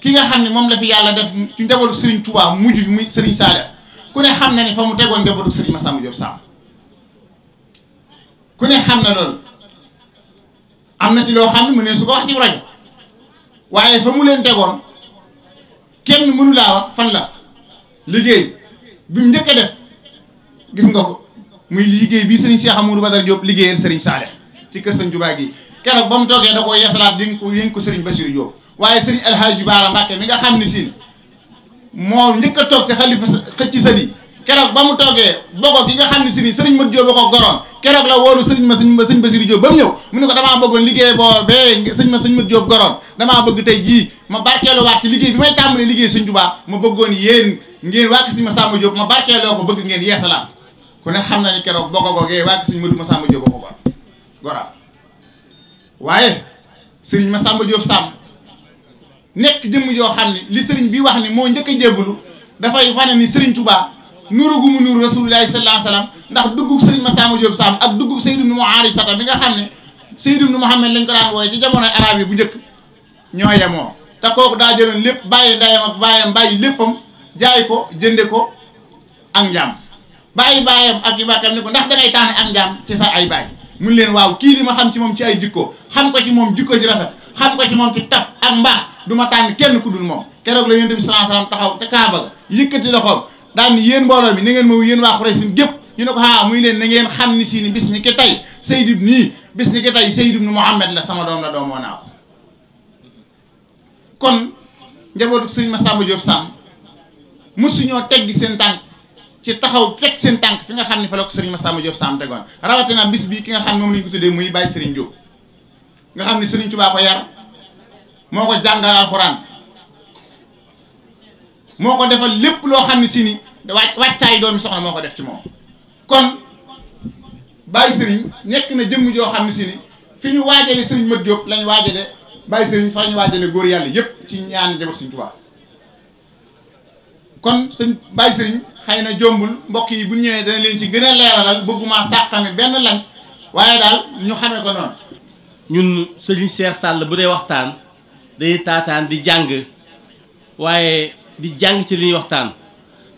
ki nga xam ne moom la fi yàlla def ci njabootu Serigne Touba mujj mu Serigne Saliou ku ne xam na ne fa mu tegoon njabootu Serigne Massamba Diop Samb ku ne xam na loolu am na ci loo xam ne mu ne su ko wax ci rajo waaye fa mu leen tegoon kenn mënu laa wax fan la liggéey bi mu njëkk a def gis nga ko muy liggéey bii Serigne Cheikh Amadou Badara Diop liggéeyal Serigne Saliou ci kër Serigne Touba gi keroog ba mu toogee da koo yeesalaat di ko yénk ko Serigne waaye sëriñ alhaaji baara mbàkke mi nga xam ni siin moo njëkk a toog ci xalifa xëcc sët yi keroog ba mu toogee bogo gi nga xam ne si ni sëriñ Mat Jóob ba ko goroon keroog la wóolu sëriñ ma sëñ sëñ Basiru Jóob ba mu ñëw mu ne ko damaa bëggoon liggéey boobee sëñ ma sëñ Mat Jóob goroon damaa bëgg tey jii ma barkeeluwaat ci liggéey bi may tàmbalee liggéey sëñ Tuubaa ma bëggoon yéen ngeen wàkk sëñ ma Sàmba Jóob ma barkeeloo ko bëgg ngeen yeesalaat ku ne xam na ne keroog bogo googee wàkk sëñ Madu ma Sàmba Jóob ba ko gor goraam sëriñ ma Sàmba Jóob sàmm nekk jëmm joo xam ne li sëriñ bi wax ni moo njëkk a jébbalu dafay wane ni sëriñ Tuubaa nuru gu mu nuru rasulillahi sallallahu alayhi wa sallam ndax duggug sëriñ Masamba Diop Samb ak duggug Seydou Ibnu Haarisa mi nga xam ne Seydou Ibnu Muhammad lañ ko daan wooye ci jamonoy arab yi bu njëkk ñoo yemoo te kooku daa jëloon lépp bàyyi ndeyam ak bàyyam bàyyi léppam jaay ko jënde ko ak njaam bàyyi bàyyam ak yi bàkkam ni ko ndax da ngay tànn ak njaam ci sa ay bàyyi mu leen waaw kii li ma xam ci moom ci ay jikko xam ko ci moom jikko ji rafet xam ko ci moom ci tab ak mbaax du ma tànn kenn ku dul moom keroog la yonent bi sallallahu alayhi wasallam taxaw ca Kaaba ga yëkkati loxoom daan yéen mbooloo mi na ngeen moom yéen waa Quraysh gépp ñu ne ko haa muy leen na ngeen xam ni si ni bis ni ki tey Sayd ibn nii bis ni ki tey Sayd ibn Muhammad la sama doom la doomoo naa ko kon njabootu Serigne sàmm mu Samb mosuñoo teggi seen tànk ci taxaw fekk seen tànk fi nga xam ne fa la ko Serigne Massamba Diop Samb tegoon rawatina bis bii ki nga xam ne moom la ñu muy Baye Serigne Diop nga xam ne Serigne Touba ko moo ko jàngal alxuraan moo ko defal lépp loo xam ne si ni wàcc wàccaay doomi soxla moo ko def ci moom kon Baye sëriñ nekk na jëmm joo xam ne si ni fi ñu waajale Serigne Mat Diop lañ waajale Baye Serigne fa ñu waajale góor yàlla yëpp ci ñaan jabar Serigne Touba kon suñ Baye Serigne xëy na jombul mbokk yi bu ñëwee dana leen ci gën a leeralal bëgguma sàqami benn lant waaye daal ñu xamee ko noonu. ñun Serigne Cheikh Sall bu dee waxtaan. day taataan di jàng waaye di jàng ci li ñuy waxtaan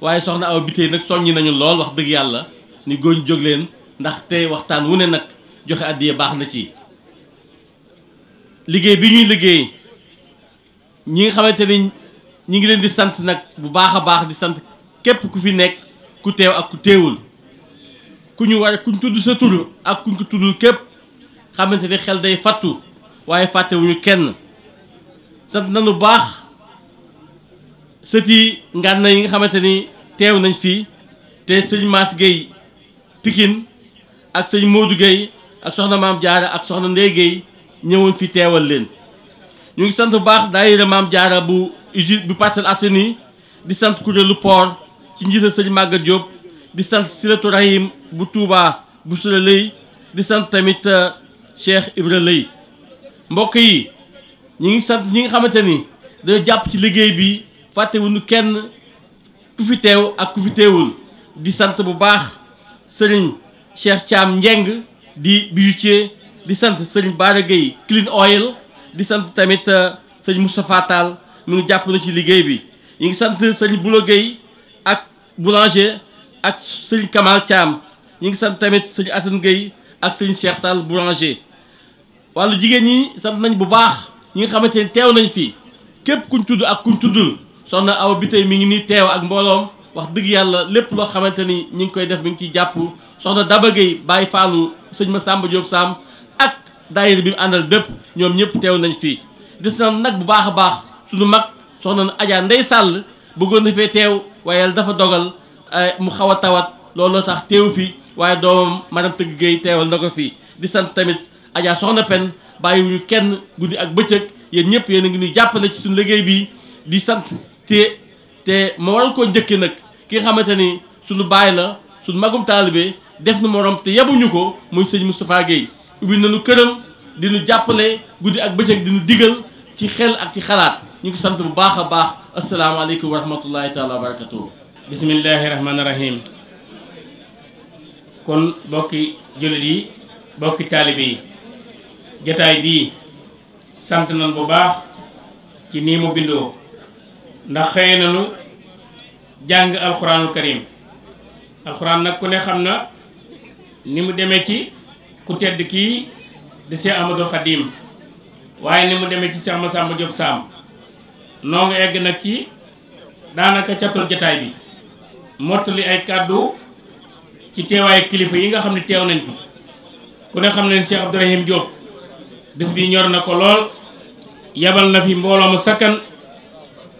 waaye soxna aw bi tey nag soññi nañu lool wax dëgg yàlla ni góoñ jóg leen ndax tey waxtaan wu ne nag joxe àddiya baax na ci liggéey bi ñuy liggéey ñi nga xamante ni ñi ngi leen di sant nag bu baax a baax di sant képp ku fi nekk ku teew ak ku teewul ku ñu war kuñ tudd sa tur ak kuñ ko tuddul képp xamante ni xel day fattu waaye fàttewuñu kenn sant nañu baax sëti ngànna yi nga xamante ni teew nañ fii te sëñ maas Gueye Pikine ak sëñ Modou Gueye ak soxna maam Diarra ak soxna Ndeye Gueye ñëwoon fii teewal leen ñu ngi sant bu baax daayira maam Diarra bu usine bu Parcelles Assainies di sant kuréelu port ci njiital sëñ Maguette Diop di sant Silatu Rahim bu Touba bu Sula Lay di sant tamit euh, Cheikh Ibra Lay mbokk yi ñu ngi sant ñi nga xamante ni dañu jàpp ci liggéey bi fàttewuñu kenn ku fi teew ak ku fi teewul di sant bu baax sëriñ Cheikh Thiam Njeng di bijoutier di sant sëriñ Bara Gueye Clean Oil di sant tamit euh, sëriñ Moustapha Tall mu ngi jàpp na ci liggéey bi ñu ngi sant sëriñ Boulo Gueye ak boulanger ak sëriñ Kamal Thiam ñu ngi sant tamit sëriñ Assane Gueye ak sëriñ Cheikh Sall boulanger wàllu jigéen ñi sant nañ bu baax ñi nga xamante ne teew nañ fii képp kuñ tudd ak kuñ tuddul soxna aw bi mi ngi nii teew ak mbooloom wax dëgg yàlla lépp loo xamante ni ñi ngi koy def mi ngi ciy jàpp soxna Daba Gueye bàyyi faalu sëñ ma Samba Diop Sam ak daayira bi mu àndal bépp ñoom ñëpp teew nañ fii des na nag bu baax a baax suñu mag soxna Adja Ndeye sàll bëggoon na fee teew waaye yàlla dafa dogal eh, mu xaw a tawat looloo tax teew fii waaye doomam madame Tëgg Gueye teewal na ko fii di sant tamit Adja soxna Pen bàyyiwuñu kenn guddi ak bëccëg yéen ñëpp yéen a ngi ñuy jàppale ci suñu liggéey bi di sant te te ma waral koo njëkke nag ki nga xamante ni suñu baay la suñu magum taalibe def nu morom te yebuñu ko muy sëñ Moustapha Guèye ubbi nañu këram di nu jàppale guddi ak bëccëg dinu nu ci xel ak ci xalaat ñu ngi sant bu baax a baax asalaamaaleykum wa rahmatullahi taala wa barakatuh bismillahi rahmaani rahim kon bokki jullit yi bokki taalibe yi jataay bii sant nañ bu baax ci nii mu bindoo ndax xëye nañu jàng alxuraanul karim alxuraan nag ku ne xam na ni mu demee ci ku tedd kii di Seex Ahmadul Xadim waaye ni mu demee ci Seex Masamba Jóob Saam noo nga egg nag ci daanaka catul jataay bi mottali ay kàddu ci teewaayu kilifa yi nga xam ne teew nañ fi ku ne xam ne Seex Abdourahim Jóob bis bi ñor na ko lool yabal na fi mbooloo mu sakkan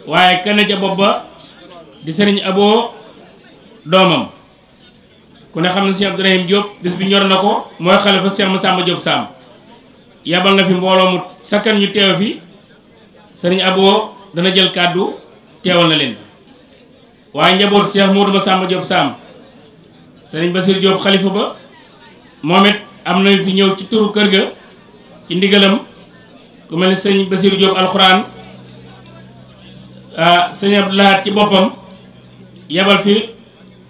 waaye kenn ca bopp ba di sëriñ aboo doomam ku ne xam ne Cheikh Abdourahim Diop bis bi ñor na ko mooy xalifa Cheikh Massamba Diop Sam yabal na fi mbooloo mu sakkan ñu teew fi sëriñ aboo dana jël kàddu teewal na leen waaye njaboot Cheikh Modou Massamba Diop Sam sëriñ Basir Diop xalifa ba moom it am na fi ñëw ci turu kër ga ci ndigalam ku mel ni sëñ Basiru Jóob alxuraan ah, sëñ Abdu Lahat ci boppam yabal fi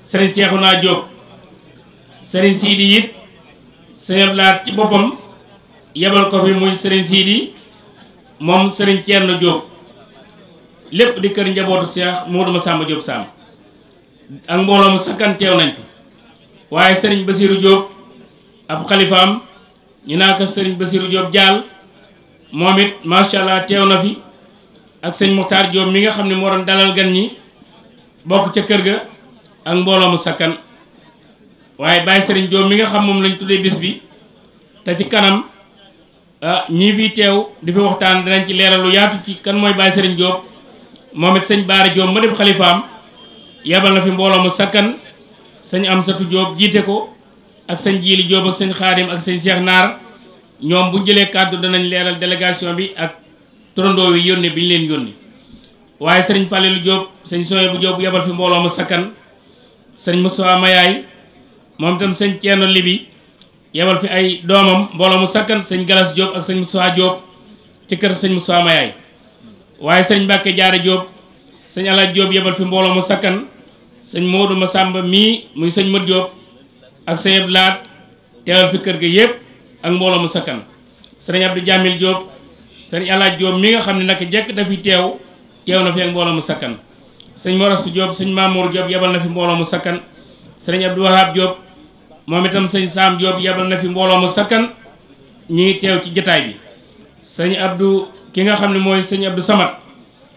sëriñ naa Jóob sëriñ Siidi it sëñ Abdu ci boppam yabal ko fi muy sëriñ Siidi moom sëriñ Ceerno Jóob lépp di kër njabootu Seex Moodu Masamba Jóob Sàmm ak mbooloo mu sakkan nañ fi waaye sëriñ Basiru Jóob ab xalifaam ñu naa ko sëriñ Basiru Diop Diall moom it macha allah teew na fi ak sëñ Muxtaar Diop mi nga xam ne moo doon dalal gan ñi bokk ca kër ga ak mbooloo mu sakkan waaye Baye Sëriñ Diop mi nga xam moom lañ tuddee bis bi te ci kanam ah ñii fi teew di waxtaan dinañ ci leeral lu yaatu ci kan mooy Baye Sëriñ Diop moom it sëñ Baara Diop ma def xalifaam yebal na fi mbooloo mu sakkan sëñ Amsatu Diop jiite ko. ak sëñ Jiili Joob ak sëñ Xaadim ak sëñ Cheikh Naar ñoom bu jëlee kàddu danañ leeral délégation bi ak torondoo wi yónne bi ñu leen yónni waaye sëriñ Fàllilu Joob sëñ Soye bu Joob bu yebal fi mbooloo mu sakkan sañ Moussa Mayaay moom itam sëñ Ceerno Libi yebal fi ay doomam mbooloo mu sakkan sëñ Galas Joob ak sëñ Moussa Joob ci kër sëñ Moussa Mayaay waaye sëñ Mbàkke Jaare Joob sëñ Alaaj Joob yebal fi mbooloo mu sakkan sëñ Moodu Masamba mii muy sëñ Mat Joob ak sa yëpp laat teewal fi kër gi yëpp ak mbooloo mu sakkan sëriñ Abdou Jamil Diop sëriñ Alaaj Diop mi nga xam ne naka jekk dafi teew teew na fi ak mbooloo mu sakkan sëñ Moras Diop sëñ Mamour Diop yebal na fi mbooloo mu sakkan sëriñ Abdou Wahab Diop moom itam sëñ Sam Diop yebal na fi mbooloo sakkan ñi ngi teew ci jataay bi sëñ Abdou ki nga xam ne mooy sëñ Abdou Samad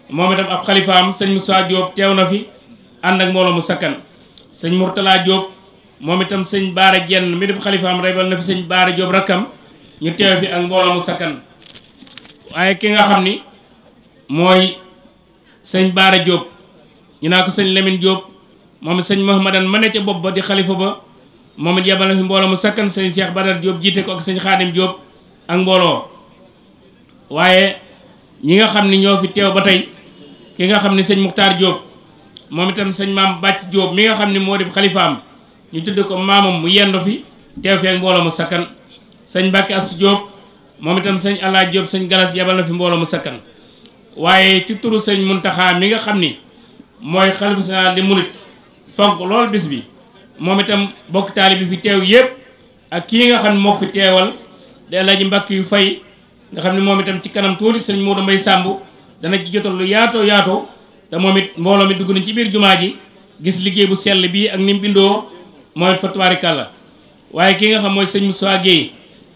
moom itam ab xalifaam sëñ Moussa Diop teew na fi ànd ak mbooloo mu sakkan sëñ Mourtala Diop. moom itam sëñ Baara Jenn mi di xalifaam rebal na fi sëñ Baara Jóob rakkam ñu teew fi ak mbooloo mu sakkan waaye ki nga xam ni mooy sëñ Baara Jóob ñu naa ko sëñ lemin Jóob moom sëñ Mahamadan ma ne ca bopp ba di xalifa ba moom it yebal na fi mu sakkan sëñ Cheikh Badar Jóob jiite ko sëñ Xaadim Jóob ak mbooloo waaye ñi nga xam ni ñoo fi ba tey ki nga xam ni sëñ Muxtaar Jóob moom itam sëñ Maam Bàcc Jóob mi nga xam ni moo di xalifaam ñu tudd ko maamam mu yendu fi teew feek mbooloo mu sakkan sëñ Mbàkke Asu Jóob moom itam sëñ Alaa Jóob sëñ Galas yabal na fi mbooloo mu sakkan waaye ci turu sëñ Muntaxaa mi nga xam ni mooy xalifa général di murit fonk lool bis bi moom itam bokk taalib bi fi teew yëpp ak kii nga xam ne moo fi teewal di Alaaji Mbàkke yu fay nga xam ne moom itam ci kanam tuuti sëñ Moodu Mbay Sàmb dana ci jotal lu yaatoo yaatoo te moom it mbooloo mi dugg nañ ci biir jumaa ji gis liggéey bu sell bii ak ni bindoo mooy fa tubaarikàlla waaye ki nga xam mooy sëñ Moussa Guèye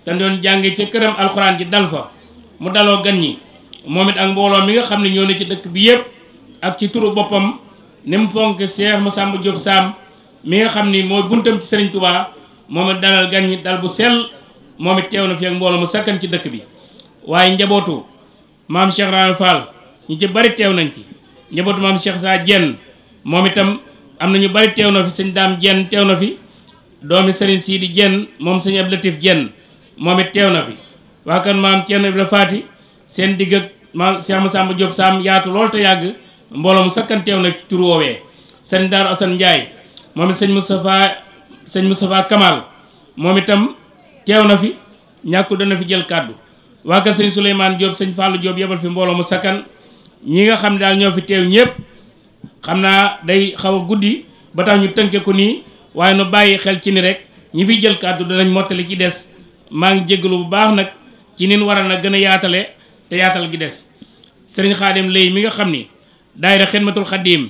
te doon jànge ci këram alxuraan ji dal fa mu daloo gan ñi moom it ak mbooloo mi nga xam ne ñoo ne ci dëkk bi yëpp ak ci turu boppam ni mu fonk Cheikh Massamba Diop Sam mi nga xam ni mooy buntam ci Serigne Touba moom it dalal gan ñi dal bu sell moom teew na fi ak mbooloo mu sakkan ci dëkk bi waaye njabootu maam Cheikh Rahane Fall ñu ci bari teew nañ fi njabootu maam Cheikh Sa Dieng moom am na ñu bari teew na fi sëñ daam jenn teew na fi doomi sëriñ siidi jenn moom sëñ ab latif jenn moom it teew na fi waa kan maam Thierno seen digg ak maam Cheikh Massamba Diop Sam yaatu lool te yàgg mbooloo mu teew na ci tur woowee sëñ Daaru Assane Ndiaye moom it sëñ Moustapha sëñ Moustapha Kamal moom itam teew na fi ñàkkul dana fi jël kàddu waa kan sëñ Souleymane Diop sëñ Fallou joob yebal fi mbooloo mu sakkan ñi nga xam daal ñoo fi teew ñëpp xam naa day xaw a guddi ba tax ñu tënke ko nii waaye nu bàyyi xel ci ni rek ñi fi jël kàddu danañ mottali ci des maa ngi jégalu bu baax nag ci nin waral na gën a yaatale te yaatal gi des sëriñ xaadim lay mi nga xam ni daayira xidmatul xadim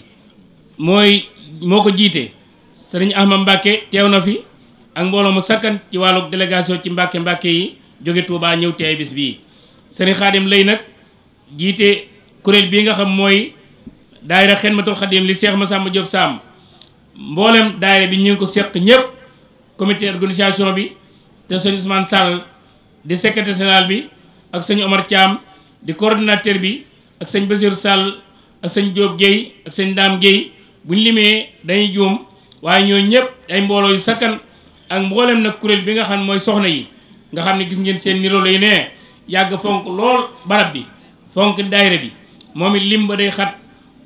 mooy moo ko jiite sëriñ ahmad mbàkke teew na fi ak mbooloo mu sakkan ci wàllu délégation ci mbàkke mbàkke yi jóge Touba ñëw teey bii sëriñ xaadim lay nag jiite kuréel bii nga xam mooy daayira xidmatul xadim li ma Massamba Diop Samb mboolem daayira bi ñu ngi ko seq ñëpp comité organisation bi te sëñ Ousmane Sall di secrétaire bi ak sëñ Omar Thiam di coordinateur bi ak sëñ Basirou Sall ak sëñ Diop Guèye ak sëñ Dame Guèye bu limee dañuy juum waaye ñooñu ñëpp ay mbooloo yu sakkan ak mbooleem na kuréel bi nga xam ne mooy soxna yi nga xam ne gis ngeen seen niroo lay nee yàgg fonk lool barab bi fonk daayira bi moom it lim ba day xat.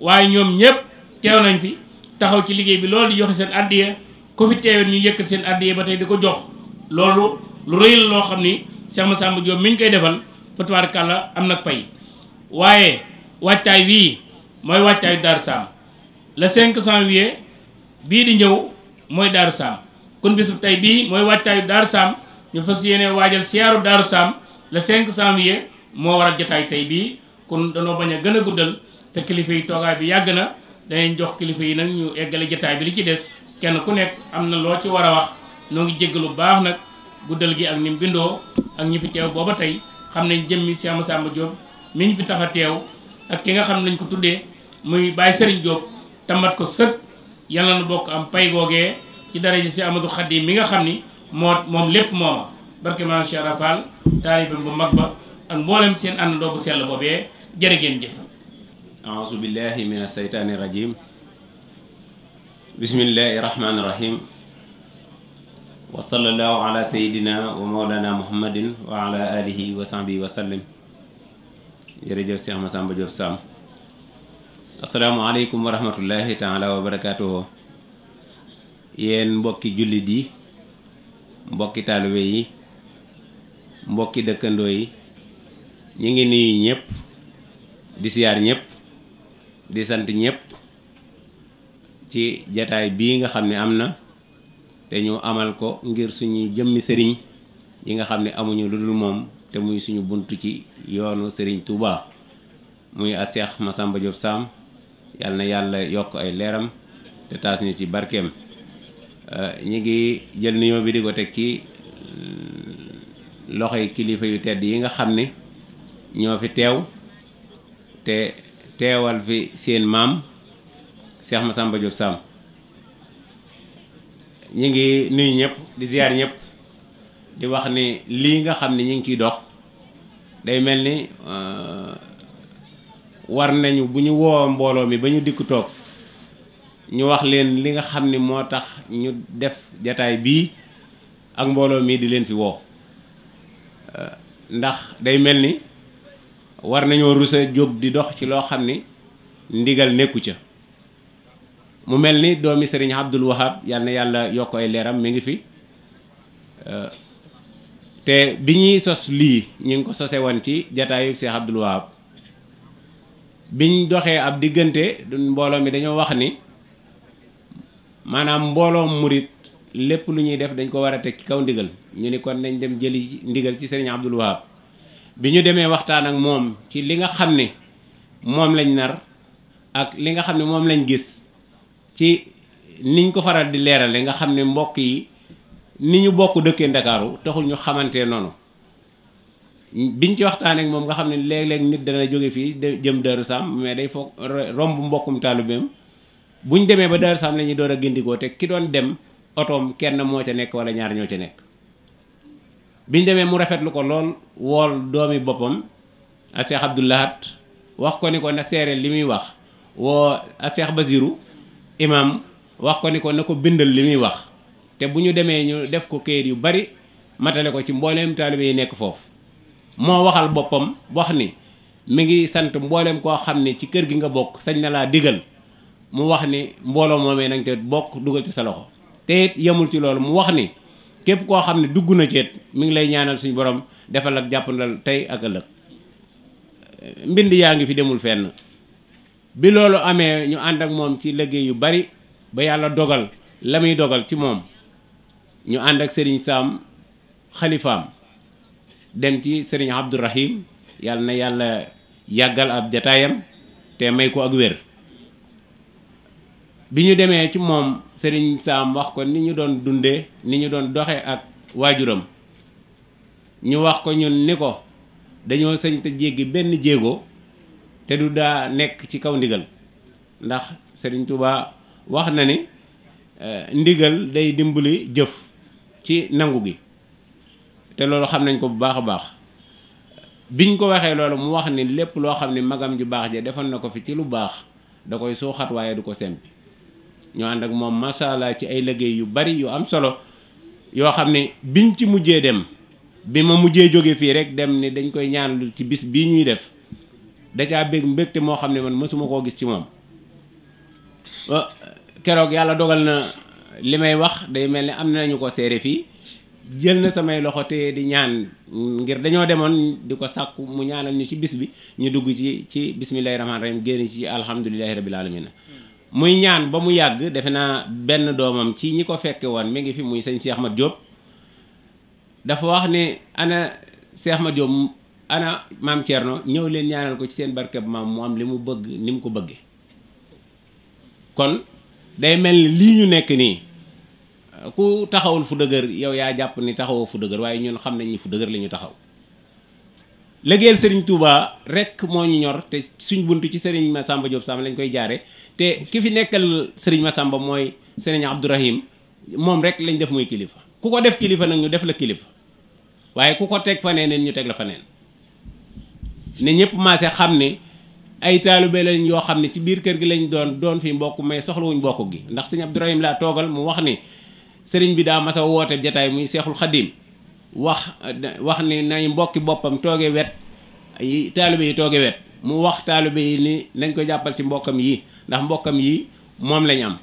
waaye ñoom ñëpp teew nañ fi taxaw ci liggéey bi loolu di joxe seen addiya ku fi teewee ñu yëkkat seen addiya ba tey di ko jox loolu lu rëy la loo xam ni Cheikh Massamba Diop mi ñu koy defal fa tubaarkàlla am nag pay waaye waajtaay wii mooy waajtaayu Daaru Saam cinq 5 janvier bii di ñëw mooy Daaru Saam kon bisub tey bii mooy waajtaayu Daaru Saam ñu fas yéene waajal siyaaru Daaru Saam le 5 janvier moo waral jotaay tey bii kon danoo bañ a gën a guddal te kilifa yi toogaay bi yàgg na danañ jox kilifa yi nag ñu eggale jataay bi li ci des kenn ku nekk am na loo ci war a wax noo ngi jégg lu baax nag guddal gi ak ni mu bindoo ak ñi fi teew booba tey xam nañ jëmmi Cheikh Massamba Diop mi ñu fi tax a teew ak ki nga xam nañ ko tuddee muy Baye Serigne Diop tamat ko sëkk yàlla na bokk am pay googee ci dara ji si Amadou Khadim mi nga xam ni moo moom lépp mooma barke maam Cheikh bu mag ba ak mboolem seen àndandoo bu sell boobee jërë ngeen jëf أعوذ بالله من الشيطان الرجيم بسم الله الرحمن الرحيم وصلى الله على سيدنا ومولانا محمد وعلى آله وصحبه وسلم jërëjëf Cheikh Massamba Diop Sam asalaamaaleykum wa rahmatullahi taala wa barakaatuhu yéen mbokki jullit yi mbokki taalibe yi mbokki dëkkandoo yi ñu ngi nuyu ñëpp di siyaar ñëpp di sant ñëpp ci jataay bii nga xam ne am na te ñu amal ko ngir suñuy jëmmi sëriñ yi nga xam ne amuñu lu dul moom te muy suñu bunt ci yoonu sëriñ Touba muy a Seex Masamba Diop Sam yàlla na yàlla yokk ay leeram te taas ñu ci barkeem euh, ñi ngi jël nuyoo bi di ko teg ci loxoy kilifa yu tedd yi nga xam ni ñoo fi teew te teewal fi seen maam ma sàmba jot Sam ñu ngi nuyu ñëpp di ziar ñépp di wax ni lii nga xam ne ñu ngi ciy dox day mel ni euh, war nañu bu ñu woo mbooloo mi ba ñu dikk toog ñu wax leen li nga xam ni moo tax ñu def jataay bii ak mbooloo mii di leen fi woo euh, ndax day mel ni war nañoo rusa jóg di dox ci loo xam ni ndigal nekku ca mu mel ni doomi sëriñ Abdul Wahab yal yàlla yokk ay leeram mi ngi fi te bi ñuy sos lii ñu ngi ko sose woon ci jataayu Cheikh Abdul Wahab biñ doxee ab diggante mbooloom mi dañoo wax ni maanaam mbooloom murit lépp lu ñuy def dañ ko war a teg ci kaw ndigal ñu ni kon dañ dem jëli ndigal ci sëriñ Abdul Wahab bi ñu demee waxtaan ak moom ci li nga xam ne moom lañ nar ak li nga xam ne moom lañ gis ci niñ ko faral di leerale nga xam ne mbokk yi ni ñu bokk dëkkee ndakaaru taxul ñu xamante noonu biñ ci waxtaan ak moom nga xam ne léeg-léeg nit dana jóge fii jëm Darou Sam mais day foog romb mbokkum taalibeem buñ demee ba Darou Sam la ñuy door a gindikoo te ki doon dem otoom kenn moo ca nekk wala ñaar ñoo ca nekk biñ demee mu rafetlu ko lool wool doomi boppam aseex Seex Abdou wax ko ni ko na seere li muy wax woo a Seex Basiru imam wax ko ni ko na ko bindal li muy wax te bu ñu demee ñu def ko kayit yu bari matale ko ci mbooleem taalibe yi nekk foofu moo waxal boppam wax ni mu ngi sant mbooleem koo xam ne ci kër gi nga bokk sañ na laa digal mu wax ni mbooloo moomee nañ bokk dugal ci sa loxo te yamul ci loolu mu wax ni képp koo xam ne dugg na ceet mu ngi lay ñaanal suñu borom defal ak jàppandal tey ak ëllëg mbind yaa ngi fi demul fenn bi loolu amee ñu ànd ak moom ci liggéey yu bari ba yàlla dogal la muy dogal ci moom ñu ànd ak sëriñ saam xalifaam dem ci sëriñ abdourahim yàlla na yàlla yàggal ab jataayam te may ko ak wér bi ñu demee ci moom Serigne Sam wax ko ni ñu doon dundee ni ñu doon doxee ak waajuram ñu wax ko ñun ni ko dañoo sañ te jéggi benn jéego te du daa nekk ci kaw ndigal ndax sëriñ Touba wax na ni eh, ndigal day dimbali jëf ci nangu gi te loolu xam nañ ko bu baax a baax biñ ko waxee loolu mu wax ni lépp loo xam ni magam ju baax ja defal na ko fi ci lu baax da koy suuxat waaye du ko sempi ñu ànd ak moom macha allah ci ay liggéey yu bari yu am solo yoo xam ne biñ ci mujjee dem bi ma mujjee jóge fii rek dem ni dañ koy ñaanlu ci bis bii ñuy def da caa bég mbégte moo xam ne man mësuma koo gis ci moom keroog yàlla dogal na li may wax day mel ni am nañu ko seere fii jël na samay loxo te di ñaan ngir dañoo demoon di ko sàkku mu ñaanal ñu ci bis bi ñu dugg ci ci bismillahi rahmaani rahim génn ci alhamdulillahi rabbil alamin muy ñaan ba mu yàgg defe naa benn doomam ci ñi ko fekke woon mi ngi fi muy sëñ seex Mat Diop dafa wax ne ana Cheikh Mat Diop ana maam Thierno ñëw leen ñaanal ko ci seen barkeb maam mu am li mu bëgg ni mu ko bëgge kon day mel ni lii ñu nekk nii ku taxawul fu dëgër yow yaa jàpp ni taxawoo fu dëgër waaye ñun xam nañ ni fu dëgër lañu taxaw liggéeyal Serigne Touba rek moo ñu ñor te suñ buntu ci ma Massamba Diop Samb lañ koy jaare te ki fi nekkal sëriñ ma Massamba mooy Serigne Abdourahim moom rek lañ def muy kilifa ku ko def kilifa nag ñu def la kilifa waaye ku ko teg fa neen ñu teg la fa neen ne ñëpp maase xam ne ay taalibe lañ yoo xam ne ci biir kër gi lañ doon doon fi mbokk mais soxlawuñ mbokk gi ndax Serigne Abdourahim laa toogal mu wax ni sëriñ bi daa masa woote jataay muy Seexul Xadim wax wax ni nay mbokki boppam tooge wet yi taalibe yi tooge wet mu wax taalibe yi ni nañ ko jàppal ci mbokkam yi ndax mbokkam yi moom lañ am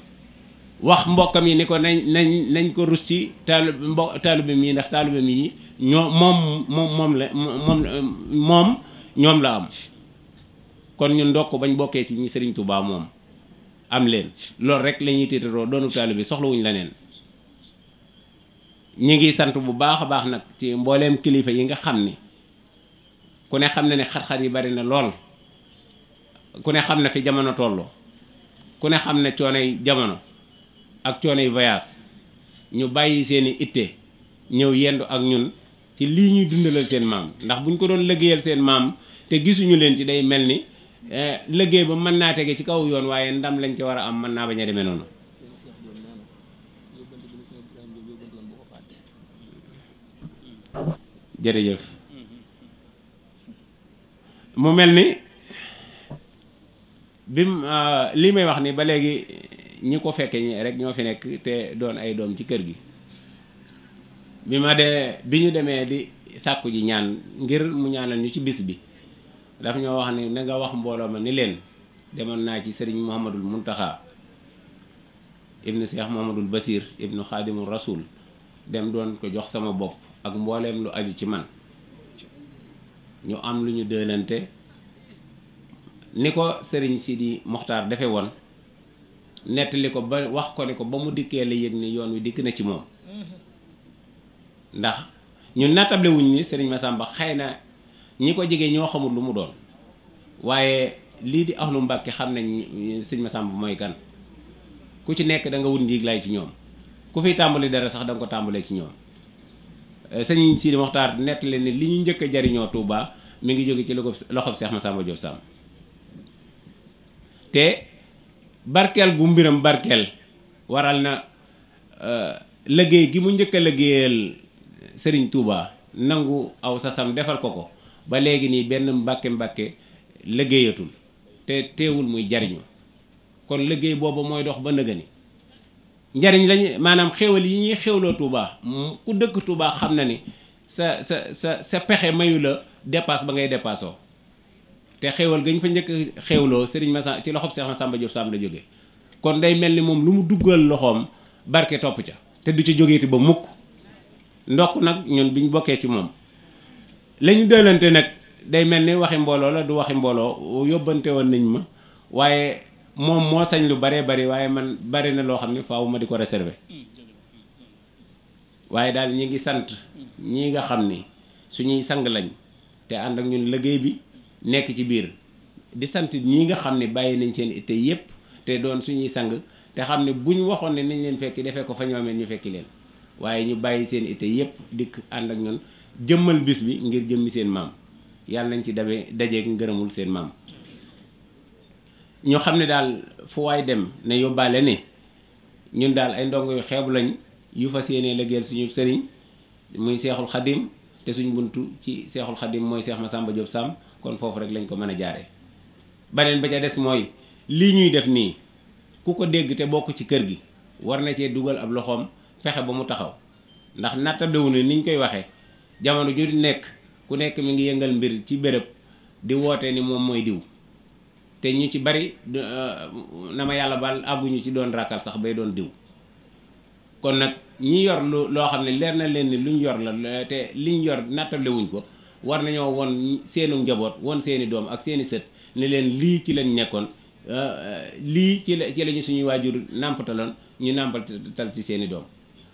wax mbokkam yi ni ko nañ nañ nañ ko rus ci taalu mbo taalibe mii ndax taalibe mii ñoo moom moom moom la moom moom ñoom la am kon ñun ndokk bañ bokkee ci ñi Sëriñ Tuubaa moom am leen loolu rek la ñuy tiitaroo doonu taalibe soxlawuñ leneen ñi ngi sant bu baax a baax nag ci mbooleem kilifa yi nga xam ni ku ne xam na ne xat-xat yi bari na lool ku ne xam na fi jamono tollu ku ne xam ne coonay jamono ak coonay voyage ñu bàyyi seeni itte ñëw yendu ak ñun ci lii ñuy dundalal seen maam ndax buñ ko doon liggéeyal seen maam te gisuñu leen ci day mel ni eh, liggéey ba mën naa tege ci kaw yoon waaye ndam lañ ci war a am mën naa bañ a demee noonu jërëjëf mu mel ni bim ah, lii may wax ni ba léegi ñi ko fekkee ñi rek ñoo fi nekk te doon ay doom ci kër gi bi ma dee bi ñu demee di sàkku ji ñaan ngir mu ñaanal ñu ci bis bi daf ñoo wax ni nanga wax mbooloo ma ni leen demoon naa ci sëriñ Muhammadul Muntaxa ibnu Seex Muhammadul Basiir ibnu Xaadimul Rasuul dem doon ko jox sama bopp ak mbooleem lu aju ci man ñu am lu ñu dënante ni ko sëriñ di Moxtaar defe woon nettali ko ba wax ko ni ko ba mu dikkee la yëg ni yoon wi dikk na ci moom ndax ñun nattable wuñ ni sëriñ Masamba xëy na ñi ko jigee ñoo xamul lu mu doon waaye lii di ahlu Mbàkke xam nañ sëriñ Masamba mooy kan ku ci nekk da nga wut njiig laay ci ñoom ku fiy tàmbali dara sax da ko tàmbalee ci ñoom Euh, sëñ Sidi Moxtaar nett leen ne li ñu njëkk jariñoo Touba mi ngi jóge ci loxob Seex Masamba Diop Samb te barkeel gu mbiram barkeel waral na euh, liggéey gi mu njëkk a liggéeyal sëriñ Touba nangu aw sasam defal ko ko ba léegi nii benn mbàkke mbàkke liggéeyatul te teewul muy jariñu kon liggéey boobu mooy dox ba nëgëni njariñ lañu maanaam xéewal yi ñuy xéewloo mu mm. mm, ku dëkk Touba xam na ni sa sa sa sa pexe mayu la dépasse ba ngay dépassoo te xéewal gañ fa njëkk xéewloo Serigne Massa ci loxob Cheikh Massamba Diop Samb la jóge kon day mel ni moom lu mu duggal loxoom barke topp ca te du ca jógeeti ba mukk ndokk nag ñun bi ñu bokkee ci moom la ñu nag day mel ni waxi mbooloo la du waxi mbooloo yóbbante woon nañ ma waaye moom moo sañ lu baree bari waaye man bari na loo xam ne faaw ma di ko réserver waaye daal ñi ngi sant ñi nga xam ni suñuy sang lañ te ànd ak ñun liggéey bi nekk ci biir di sant ñi nga xam ne bàyyi nañ seen itte yépp te doon suñuy sang te xam ne buñ waxoon ne nañ leen fekki defee ko fa ñoomeen ñu fekki leen waaye ñu bàyyi seen itte yépp dikk ànd ak ñun jëmmal bis bi ngir jëmmi seen maam yàlla nañ ci dabe dajeeg ngërëmul seen maam ñoo xam ne daal fu waay dem ne yóbbaale ni ñun daal ay ndongo yu xeebu lañ yu fa yéenee liggéeyal suñu sëriñ muy seexul xadim te suñ buntu ci seexul xadim mooy seex sàmba job sàmm kon foofu rek lañ ko mën a jaare beneen ba ca des mooy li ñuy def nii ku ko dégg te bokk ci kër gi war na cee dugal ab loxoom fexe ba mu taxaw ndax nattabewu ne niñ koy waxee jamono ju nekk ku nekk mu ngi yëngal mbir ci bërëb di woote ni moom mooy diw. te ñi ci bari euh, na ma yàlla ba àgguñu ci doon rakkal sax bay doon diw kon nag ñi yor lu loo xam ne leer na leen ni luñ yor la te liñ yor nattable ko war nañoo won seenu njaboot won seeni doom ak seeni sët ne leen lii ci lañ nekkoon euh, euh, lii ci la ci suñuy waajur nàmpataloon ñu nàmpatal ci seeni doom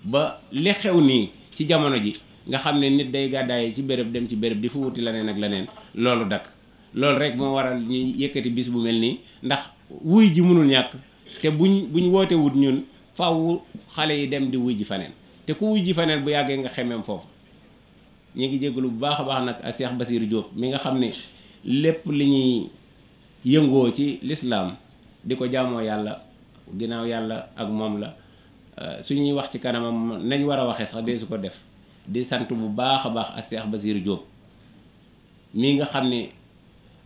ba li xew nii ci jamono ji nga xam ne nit day gàddaay ci béréb dem ci bërëb di fu wuti leneen ak leneen loolu dakk loolu rek moo waral ñuy yëkkati bis bu mel nii ndax wuy ji mënul ñàkk te buñ buñ wootewut wut ñun faaw xale yi dem di wuy ji faneen te ku wuy ji faneen bu yàggee nga xemeem foofu ñu ngi jégalu bu baax a baax nag Cheikh Basirou Diop mi nga xam ne lépp li ñuy yëngoo ci lislaam di ko jaamoo yàlla ginnaaw yàlla ak moom la euh, su ñuy wax ci kanamam nañ war a waxee sax dee ko def di sant bu baax a baax ak Cheikh Basirou Diop nga xam ne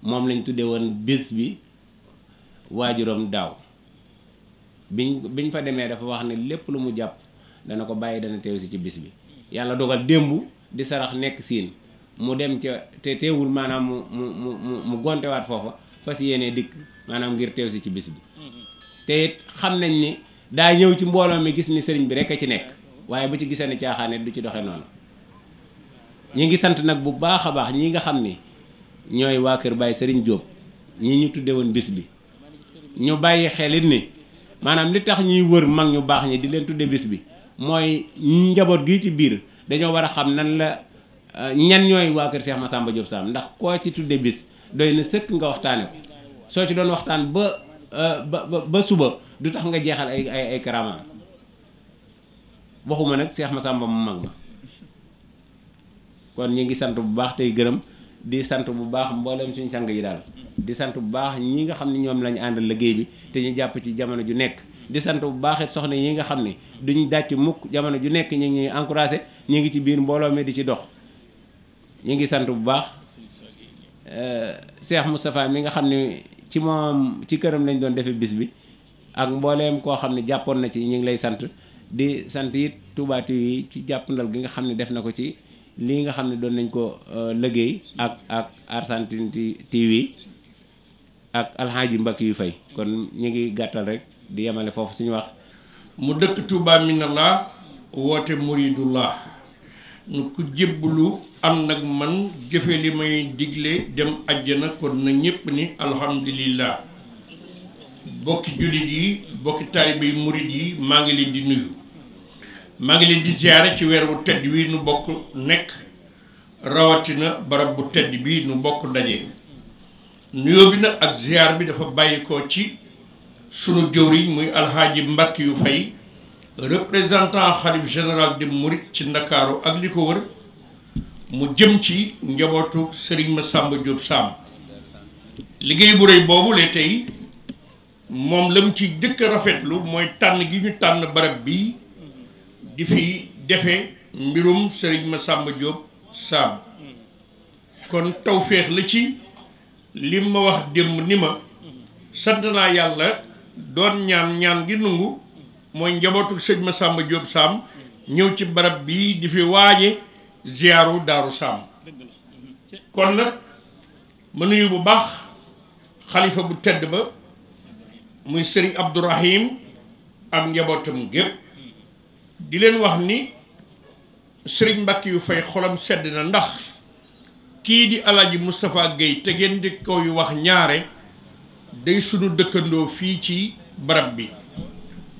moom lañ tudde woon bis bi waajuram daaw biñ biñ fa demee dafa wax ne lépp lu mu jàpp dana ko bàyyi dana teew si ci bis bi yàlla dogal démb di sarax nekk siin mu dem ca te teewul maanaam mu mu mu mu gontewaat foofa fas yéenee dikk maanaam ngir teew si ci bis bi te it xam nañ ni daa ñëw ci mbooloo mi gis ni sëriñ bi rek a ci nekk waaye bu ci gisee ne caaxaane du ci doxe noonu ñi a baax ñi nga xam ñooy waa kër bàyyi Serigne Diop ñi ñu tudde woon bis bi ñu bàyyi xelit ni maanaam li tax ñuy wër mag ñu baax ñi di leen tudde bis bi mooy njaboot gi ci biir dañoo war a xam nan la euh, ñan ñooy waa kër seex ma sàmba Diop Sam ndax koo ci tudde bis doy na sëkk nga waxtaane ko soo ci doon waxtaan ba euh, ba suba du tax nga jeexal ay ay ay waxuma nag seex Cheikh Massamba mu mag ma kon ñu ngi sant bu baax tey gërëm di sant bu baax mboolem suñu sang yi daal di sant bu baax ñi nga xam ne ñoom lañu àndal liggéey bi te ñu jàpp ci jamono ju nekk di sant bu baax it soxna yi nga xam ne duñu dàcc mukk jamono ju nekk ñu ngi ñuy ñu ngi ci biir mbooloo mi di ci dox ñu ngi sant bu baax euh, Cheikh Moustapha mi nga xam ne ci moom ci këram lañ doon defee bis bi ak mbooleem koo xam ne jàppoon na ci ñu ngi lay sant di sant it Touba TV yi ci jàppandal gi nga xam ne def na ko ci lii nga xam ne doon nañ ko euh, liggéey ak ak Argentine TV ak alxaaji mbakk yu fay kon ñu ngi gàttal rek di yemale foofu suñu wax mu dëkk Touba minallah woote muridullah nu ku jébbalu am nag man jëfe li may digle dem àjjana kon na ñépp ni alhamdulillah bokki jullit yi bokki taalibe yi murid yi maa ngi leen di nuyu maa ngi leen di ziare ci weer wu tedd wi nu bokk nekk rawatina barab bu tedd bii nu bokk ndaje nuyoo bi nag ak ziar bi dafa bàyyi ko ci sunu jëwriñ muy alxaaji mbàkk yu fay représentant xalif général de Mouride ci ndakaaru ak li ko wër mu jëm ci njabootu Serigne Massamba Diop Samb liggéey bu rëy boobu la tey moom lam ci jëkk rafetlu mooy tànn gi ñu tànn barab bi di fi defee mbirum sëriñ sàmba Diop Sam kon tawféex la ci li ma wax démb ni ma sant naa yàlla doon ñaan ñaan gi nungu mooy njabootu sëriñ sàmba Diop Sam ñëw ci barab bi di fi waaje ziyaaru daaru Sam kon nag ma nuyu bu baax xalifa bu tedd ba muy sëriñ Abdourahim ak njabootam gépp di leen wax ni sëriñ Mbàkke yu fay xolam sedd na ndax kii di alaji Moustapha Guèye te ngeen di ko yu wax ñaare day sunu dëkkandoo fii ci barab bi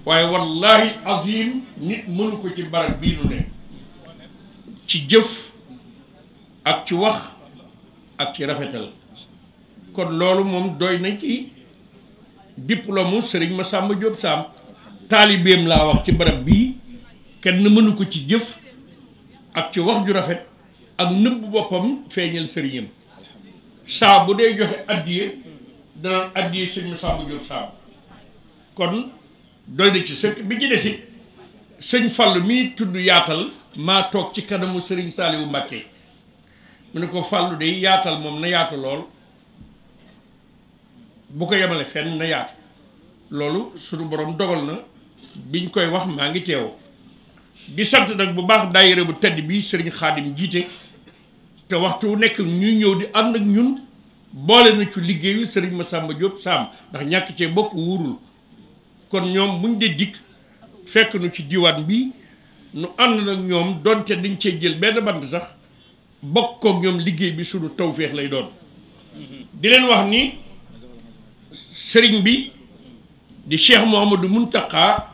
waaye wallahi azim nit mënu ko ci barab bii nu ne ci jëf ak ci wax ak ci rafetal kon loolu moom doy na ci diplôme sëriñ Massamba Diop Sam taalibeem laa wax ci barab bi kenn mënu ko ci jëf ak ci wax ju rafet ak nëbb boppam feeñal sëriñam saa bu dee joxe addiye danaan addiye sëñ Moussa bu Diop saabu kon doy na ci bi ci sëñ Fallou mi tudd yaatal maa toog ci kanamu sëriñ Saliou Mbacké mu ne ko Fallou de yaatal moom na yaatu lool bu ko yemale fenn na yaatu loolu sunu borom dogal na biñ koy wax maa ngi teewoo di sant nag bu baax daayira bu tedd bi sëriñ xaadim jiite te waxtu wu nekk ñuy ñëw di am nag ñun boole na ci liggéeyu sëriñ ma sàmma Diop Sam ndax ñàkk cee bokk wóorul kon ñoom buñ dee dikk fekk nu ci diwaan bi nu ànd nag ñoom donte dañ cee jël benn bant sax bokk kook ñoom liggéey bi suñu tawféex lay doon di leen wax ni sëriñ bi di Cheikh Mouhamadou Mountakha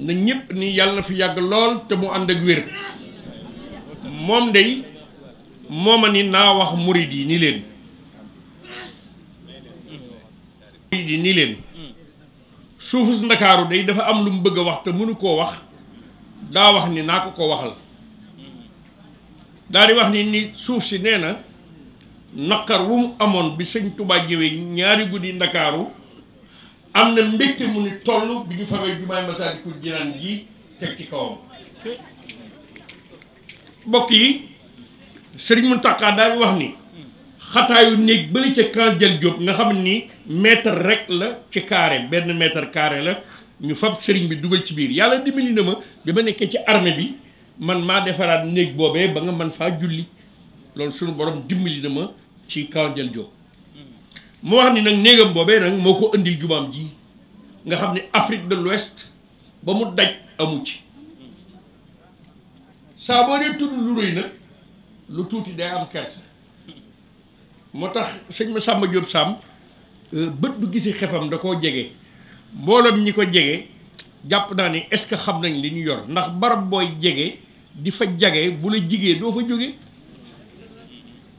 na ñépp ni yàlla na fi yàgg lool te mu ànd ak wér moom day mooma ni naa wax murid yi ni leen murid yi ni leen suufus ndakaaru day dafa am lu mu bëgg a wax te mënu koo wax daa wax ni naa ko ko waxal daa di wax ni nit suuf si nee na naqar wu mu amoon bi sëñ Tuubaa ñëwee ñaari guddi ndakaaru am na mbégte mu ni toll bi ñu fabee jumaay Masaalikul Jinaan yi teg ci kawam mbokk yi sëriñ Mountakha daal wax ni xataayu néeg bële ca kan jël nga xam ni mètre rek la ci carré benn mètre carré la ñu fab sëriñ bi dugal ci biir yàlla dimbali na ma bi ma nekkee ci armée bi man maa defaraat néeg boobee ba nga man faa julli loolu suñu borom dimbali na ma ci kan jël jóob moo xam ne nag néegam boobee nag moo ko indil jumaam ji nga xam ne Afrique de l'Ouest ba mu daj amu ci saa boo dee tudd lu rëy nag lu tuuti day am kers moo tax sëñ ma Sàmba jot Sàmm euh, bët bu gisi xefam da koo jege mbooloom ñi ko jege jàpp naa ne est-ce que xam nañ li ñu yor ndax barab booy jege di fa jage bu la jigee doo fa jóge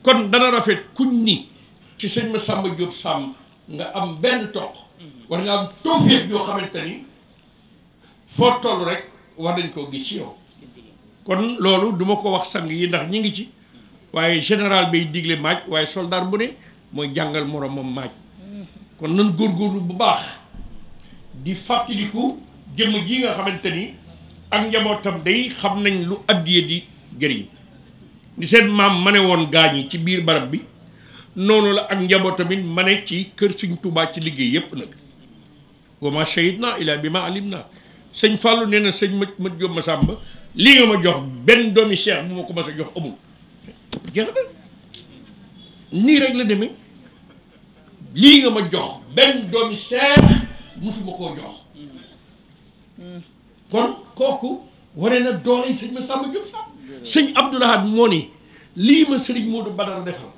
kon dana rafet kuñ ni ci sëñ Massamba Diop Samb nga am benn toq war nga am tawfeex yoo xamante ni foo toll rek war nañ koo gis ci yow kon loolu duma ko wax sang yi ndax ñi ngi ci waaye général bay digle maaj waaye soldat bu ne mooy jàngal moroomam maj kon nan góorgóorlu bu baax di fàttaliku jëmm ji nga xamante ni ak njabootam day xam nañ lu addiye di jëriñ ni seen maam ma ne woon gaañi ci biir barab bi noonu la ak njaboot tamit ma ci kër Sëñ Tuubaa ci liggéey yépp nag wa ma shahidna ila bi ma alim na sëñ Fallou nee na sëñ mët mët Jóob Masàmba li nga ma jox benn doomi cheikh bu ma ko mas a jox amul la demee lii nga ma jox benn doomi cheikh koo jox kon kooku wane na doole sëñ Masàmba Jóob Samb sëñ Abdoul Ahad moo ni lii ma sëriñ Moodu Badara defal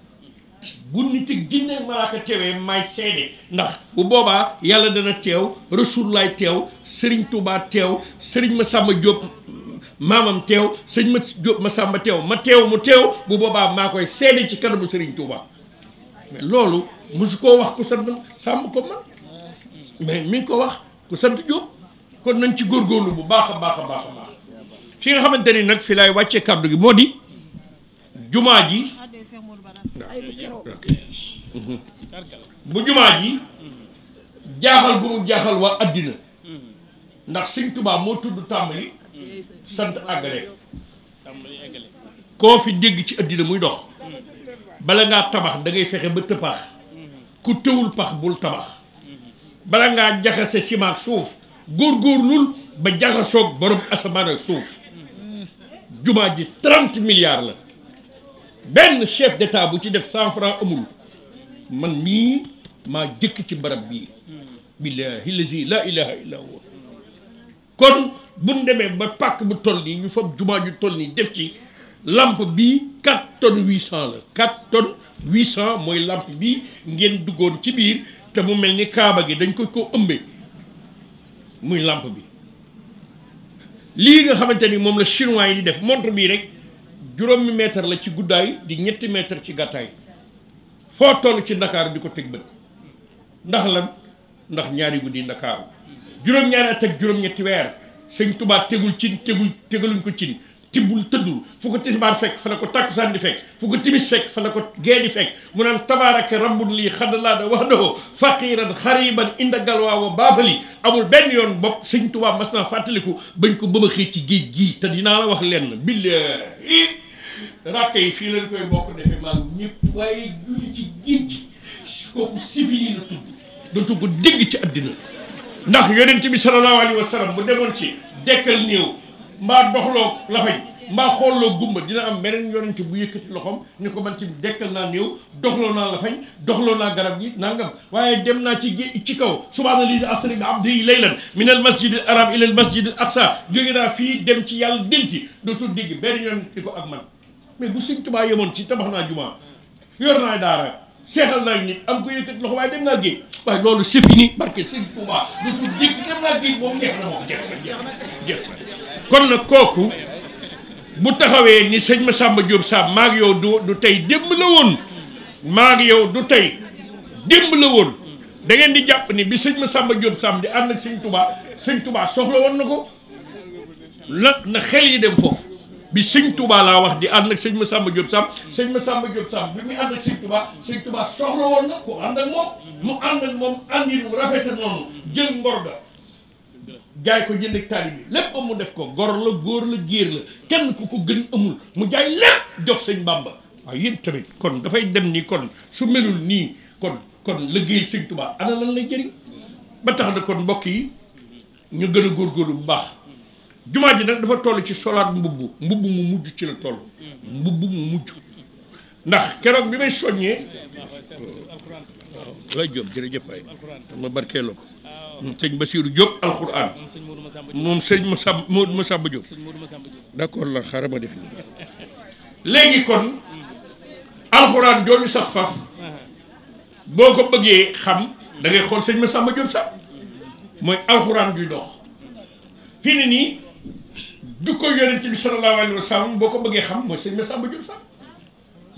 bu nit ak jinne ak malaaka teewee may seede ndax bu boobaa yàlla dana teew laay teew sëriñ Touba teew sëriñ ma sàmm jóob maamam teew sëñ ma Diop Massamba teew ma teew mu teew bu boobaa maa koy seede ci kanamu sëriñ Touba mais loolu mosu koo wax ku sant sàmm ko man mais mi ko wax ku sant kon nañ ci góor góorgóorlu bu baax a baax a baax a baax fi nga xamante ni nag fi lay wàccee kàddu gi moo di jumaa ji. bu jumaa ji jaaxal gu mu jaaxal waa addina ndax Sëñ Tuubaa moo tudd tàmbali sant àggale koo fi dégg ci àddina muy dox bala ngaa tabax dangay fexe ba tëpaax ku tëwul pax bul tabax bala ngaa jaxase ciment ak suuf góorgóorlul ba jaxasoog borom asamaan ak suuf jumaa ji 30 milliards la benn chef d'état bu ci def cent franc amul man mii maa jëkk ci barab bii billahi lazi la ilaha illa huwa kon buñ demee ba pàkk bu toll nii ñu fab jumaa ju toll nii def ci lampe bi quatre tonnes huit cent la quatre tonnes huit cent mooy lampe bi ngeen duggoon ci biir te mu mel ni kaaba gi dañ ko ko ëmbee muy lampe bi lii nga xamante ni moom la chinois yi di def montre bii rek juróomi mètre la ci guddaay di ñetti mètre ci gàttaay foo toll ci ndakaaru di ko teg bët ndax lan ndax ñaari guddi ndakaaru juróom-ñaari at ak juróom-ñetti weer sëñ tubaa tegul cin tegul tegaluñ ko cin tibbul tëddul fu ko tisbaar fekk fa la ko takkusaan di fekk fu ko timis fekk fa la ko gee fekk mu naan tabaaraka rabbun lii xadalaada waxdahu faqiran xariban inda galwaa wa baafali amul benn yoon bopp sëñ tubaa mas naa fàttaliku bañ ko bëma xëy ci géej gii te dinaa la wax lenn billaahi rakk yi fii lañ koy bokk defee maam ñëpp waaye julli ci géej gi kooku sibili la tudd dootu ko dégg ci addina ndax yonent bi sallallahu alayhi wa sallam bu demoon ci dekkal néew mbaa doxloo lafañ gumba dina am beneen yonent bu yëkkati loxoom ni ko man ci dekkal naa néew doxloo naa lafañ doxloo naa garab gi nangam waaye dem naa ci gé ci kaw subhaana lillahi asri bi abdihi laylan min al masjid al arab ila al masjid al aqsa jóge naa fii dem ci yàlla delsi dootul dégg benn yonent di ko ak man mais bu Sëñ Tuubaa yemoon ci tabax naa jumaa yor naa daara seexal naa nit am ko yëkkat loxo waaye dem naa géej waaye loolu c'est fini barke Sëñ Tuubaa du ko jég dem naa kon nag kooku bu taxawee ni sëñ Massamba Diop Samb maa ngi yow du tey démb la woon maa yow du tey démb la woon da ngeen di jàpp ni bi sëñ Massamba Diop sàmm di ànd ak sëñ Tuubaa sëñ Tuubaa soxla woon na ko la na xel yi dem foofu bi sëñ Touba laa wax di ànd ak sëñ Massamba Diop Samb sëñ Massamba Diop Samb bi muy ànd ak sëñ Touba sëñ Touba soxla woon na ko ànd ak moom mu ànd ak moom àndinu rafet noonu jël ngor ga jaay ko jënd ak taalibe bi lépp mu def ko gor la góor la géer la kenn ku ko gën amul mu jaay lépp jox sëñ Bamba waaw yéen tamit kon dafay dem ni kon su melul nii kon kon liggéey sëñ Touba ana lan lay jëriñ ba tax na kon mbokk yi ñu gën a góor góorgóorlu bu baax jumaat ji nag dafa toll ci solaat mbubb mbubb mu mujj ci la toll mbubb mu mujj ndax keroog bi may soññee lay Jóob jërëjëf ay ma barkeeloo ko sëñ Basiiru Jóob alxuraan moom sëñ ma Masamba Moodu Masamba Jóob d'accord la xaaral ma def léegi kon alxuraan jooju sax faf uh-huh. boo ko bëggee xam dangay xool sëñ ma Masamba Jóob sax mm-hmm. mooy alxuraan juy dox mm-hmm. fii ne nii jukko yonent bi sallallahu alayhi wa sallam boo ko bëggee xam mooy sëñ Massamba Diop Samb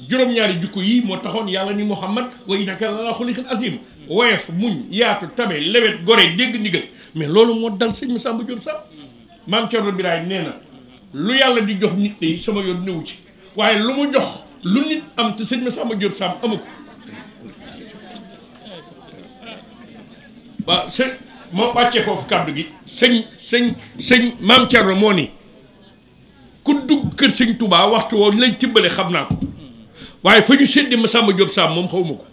juróom-ñaari jukko yi moo taxoon yàlla ni Muhammad wa innaka la'alaa xuluqin aziim woyof muñ yaatu tabe lewet gore dégg ndigal mais loolu moo dal sëñ Massamba Diop Samb maam Thierno Biraye nee na lu yàlla di jox nit day sama yoon ci waaye lu mu lu nit am te sëñ Massamba Diop Samb amu ko waaw sëñ moo wàccee foofu kàddu gi sëñ sëñ sëñ maam Thierno moo nii ku dugg kër sëñ tubaa waxtu woo lañ tibbale xam naa ko waaye fa ñu séddi ma Samba Diop Samb moom xaw ma ko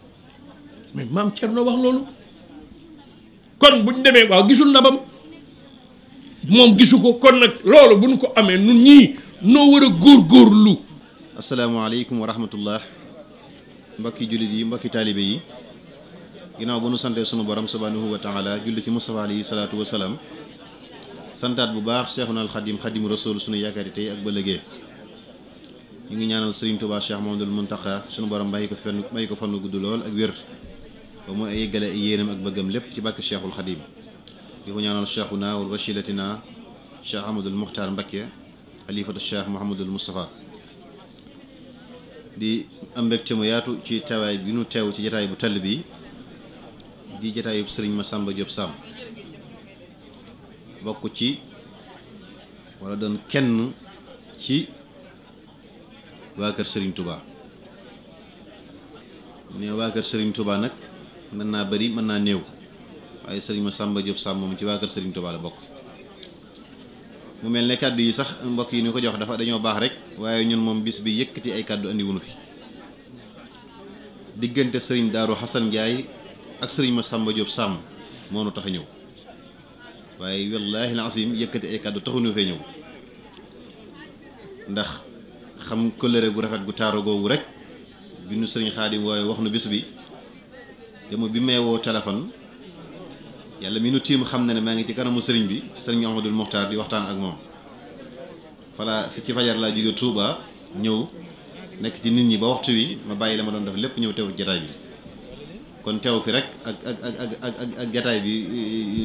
mais maam Thierno wax loolu kon bu ñu demee waaw gisul ndabam moom gisu ko kon nag loolu bu ñu ko amee nun ñii noo war a góor góor lu góorgóorlu. asalaamaaleykum wa rahmatullah mbokki jullit yi mbokki taalibe yi ginnaaw ba nu santee sunu borom subhanahu wa taala julli ci Mustafa alayhi salaatu wa salaam. santaat bu baax Cheikhuna al Xadim Xadimu Rasul sunu yaakaar yi tey ak bëllëgee mu ngi ñaanal Serigne Touba Cheikh Mamadou Mountakha sunu borom bàyyi ko fenn bàyyi ko fannu gudd lool ak wér ba mu yeggale ay yéenam ak bëggam lépp ci bàkk Cheikhul Xadim di ko ñaanal Cheikhuna wal wasilatina Cheikh Ahmadul Muxtaar Mbakke xalifatu Cheikh Mouhamadul Moustapha di am mbégte mu yaatu ci tawaay bi nu teew ci jataay bu tall bi di jataayub ma sàmba Diop Samb bokk ci wala doon kenn ci waa kër sëriñ tubaa ne waa kër Serigne Touba nag mën naa bari mën naa néew waaye Serigne Massamba Diop Samb moom ci waa kër Serigne Touba la bokk mu mel ne kàddu yi sax mbokk yi ñu ko jox dafa dañoo baax rek waaye ñun moom bis bi yëkkati ay kàddu andi fi diggante sëriñ Darou Hassan Ndiaye ak Serigne Massamba Diop Samb moo nu tax ñëw. waaye wallaahi lancim yëkkati ay kàddu taxuñu fee ñëw ndax xam kóllëre bu rafet gu taaru googu rek bi nu sëriñ Xaadim waaye wax nu bis bi te bi may woo téléphone yàlla mi nu tiim xam na ne maa ngi ci kanamu sëriñ bi sëriñ Ahmadul Muxtaar di waxtaan ak moom voilà fi ci fajar laa jóge tuuba ñëw nekk ci nit ñi ba waxtu wi ma bàyyi la ma doon def lépp ñëw teew jataay bi kon teew fi rek ak ak ak ak ak bi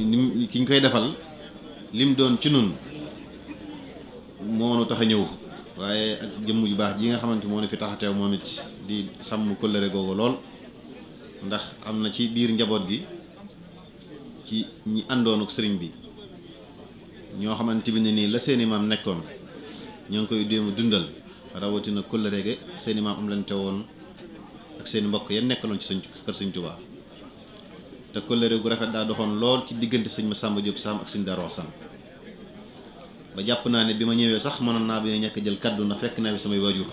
ni ki ñu koy defal lim doon ci nun moonu tax a ñëw waaye jëmm ju baax ji nga xamante moo ne fi tax a teew moom it di sàmm kóllëre googu lool ndax am na ci biir njaboot gi ci ñi àndoon ak sëriñ bi ñoo xamante bi ne nii la seeni maam nekkoon ñoo ngi koy déemu dundal rawatina kóllëre ge seeni maam am lante woon ak seen mbokk yan nekkaloon ci sëñ kër sëñ Tuubaa te kóllëre gu rafet daa doxoon lool ci diggante sëñ Masamba Jóob Sam ak sëñ Daaru Sam ba jàpp naa ne bi ma ñëwee sax mënoon naa ba ñàkk jël kaddu ndax naa fi samay waajur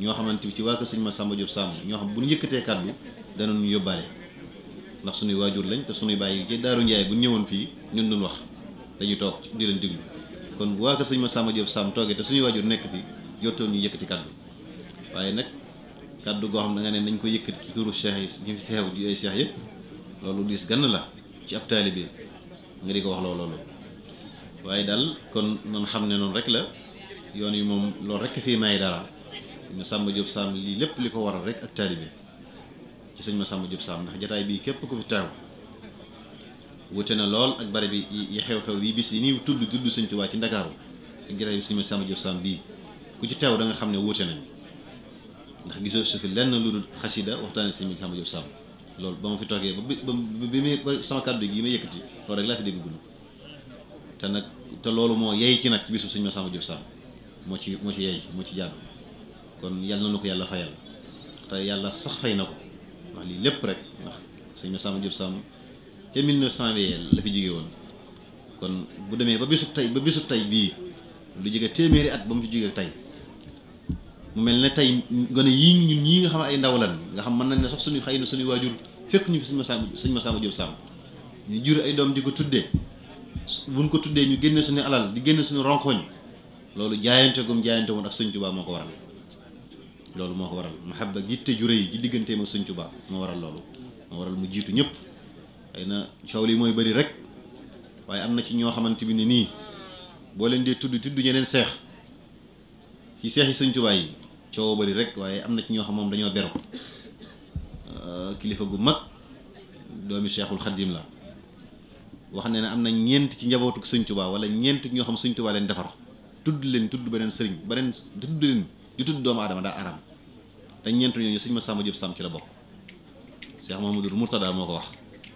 ñoo xamante ci waa kër sëñ Masamba Jóob Sam ñoo xam bu ñu yëkkatee kaddu dana ñu yóbbaale ndax suñuy waajur lañ te suñuy bàyyi ci Daaru Njaay bu ñëwoon fii ñun duñ wax dañuy toog di leen déglu kon bu waa kër sëñ Masamba Jóob Sam toogee te suñuy waajur nekk fii jotoon ñu yëkkati kaddu waaye nag kàddu goo xam da nga ne nañ ko yëkkati ci turu cheikh yi ñu fi teew di ay cheikh yëpp loolu diis gann la ci ab taalibe nga di ko wax loolu waaye daal kon nan xam ne noonu rek la yoon yi moom loolu rek fii may dara sëñ Masamba Diop Samb lii lépp li ko waral rek ak taalibe sëñ Masamba Diop Samb ndax jataay bii képp ku fi teew wute na lool ak bari bi yi xew-xew yi bis yi ni tudd tudd sëñ Tuubaa ci Ndakaaru ak jataay bi sëñ Masamba Diop Samb bii ku ci teew da nga xam ne wuute nañ ndax gisoo su fi lenn lu dul xasida waxtaane sëñ bi Samba Diop Samb loolu ba ma fi toogee ba bi bi ba sama kàddu gi ma yëkkati loolu rek laa fi dégg gunu nag te loolu moo yey ci nag ci bisu sëñ ma Samba moo ci moo ci yey moo ci jàll kon yàlla na ko yàlla fayal te yàlla sax fay na ko lii lépp rek sëñ ma Samba Diop Samb te la fi jóge woon bu demee ba bisu tey ba bisu tey bii lu jóge téeméeri at ba mu fi jóge tey mu mel ne tey gone yii ñu ñii nga xam ay ndaw lan nga xam mën nañ ne sax suñu xëy na suñuy waajur fekk ñu fi suñu Masamba suñu Masamba Jóob Sàmb ñu jur ay doom di ko tuddee buñ ko tuddee ñu génne suñu alal di génne suñu ronkoñ loolu jaayante gum jaayante woon ak Sëñ Tuubaa moo ko waral loolu moo ko waral mahabba yitte ju yi ji digganteem ak Sëñ Tuubaa moo waral loolu moo waral mu jiitu ñëpp xëy na coow li mooy bëri rek waaye am na ci ñoo xamante bi ne nii boo leen dee tudd tudd ñeneen seex ci seexi Sëñ yi coow bari rek waaye am na ci ñoo xam moom dañoo beru euh, kilifa gu mag doomi Cheikhul Khadim la wax ne ne am na ñeent ci njabootu Sëñ Tuubaa wala ñeent ñoo xam Sëñ Tuubaa leen defar tudd leen tudd beneen sëriñ beneen tudd leen di tudd doomu aadama daa araam te ñeent ñooñu Sëñ Masamba Jóob Sàmm ci la bokk Cheikh Mahamadou Mourtada moo ko wax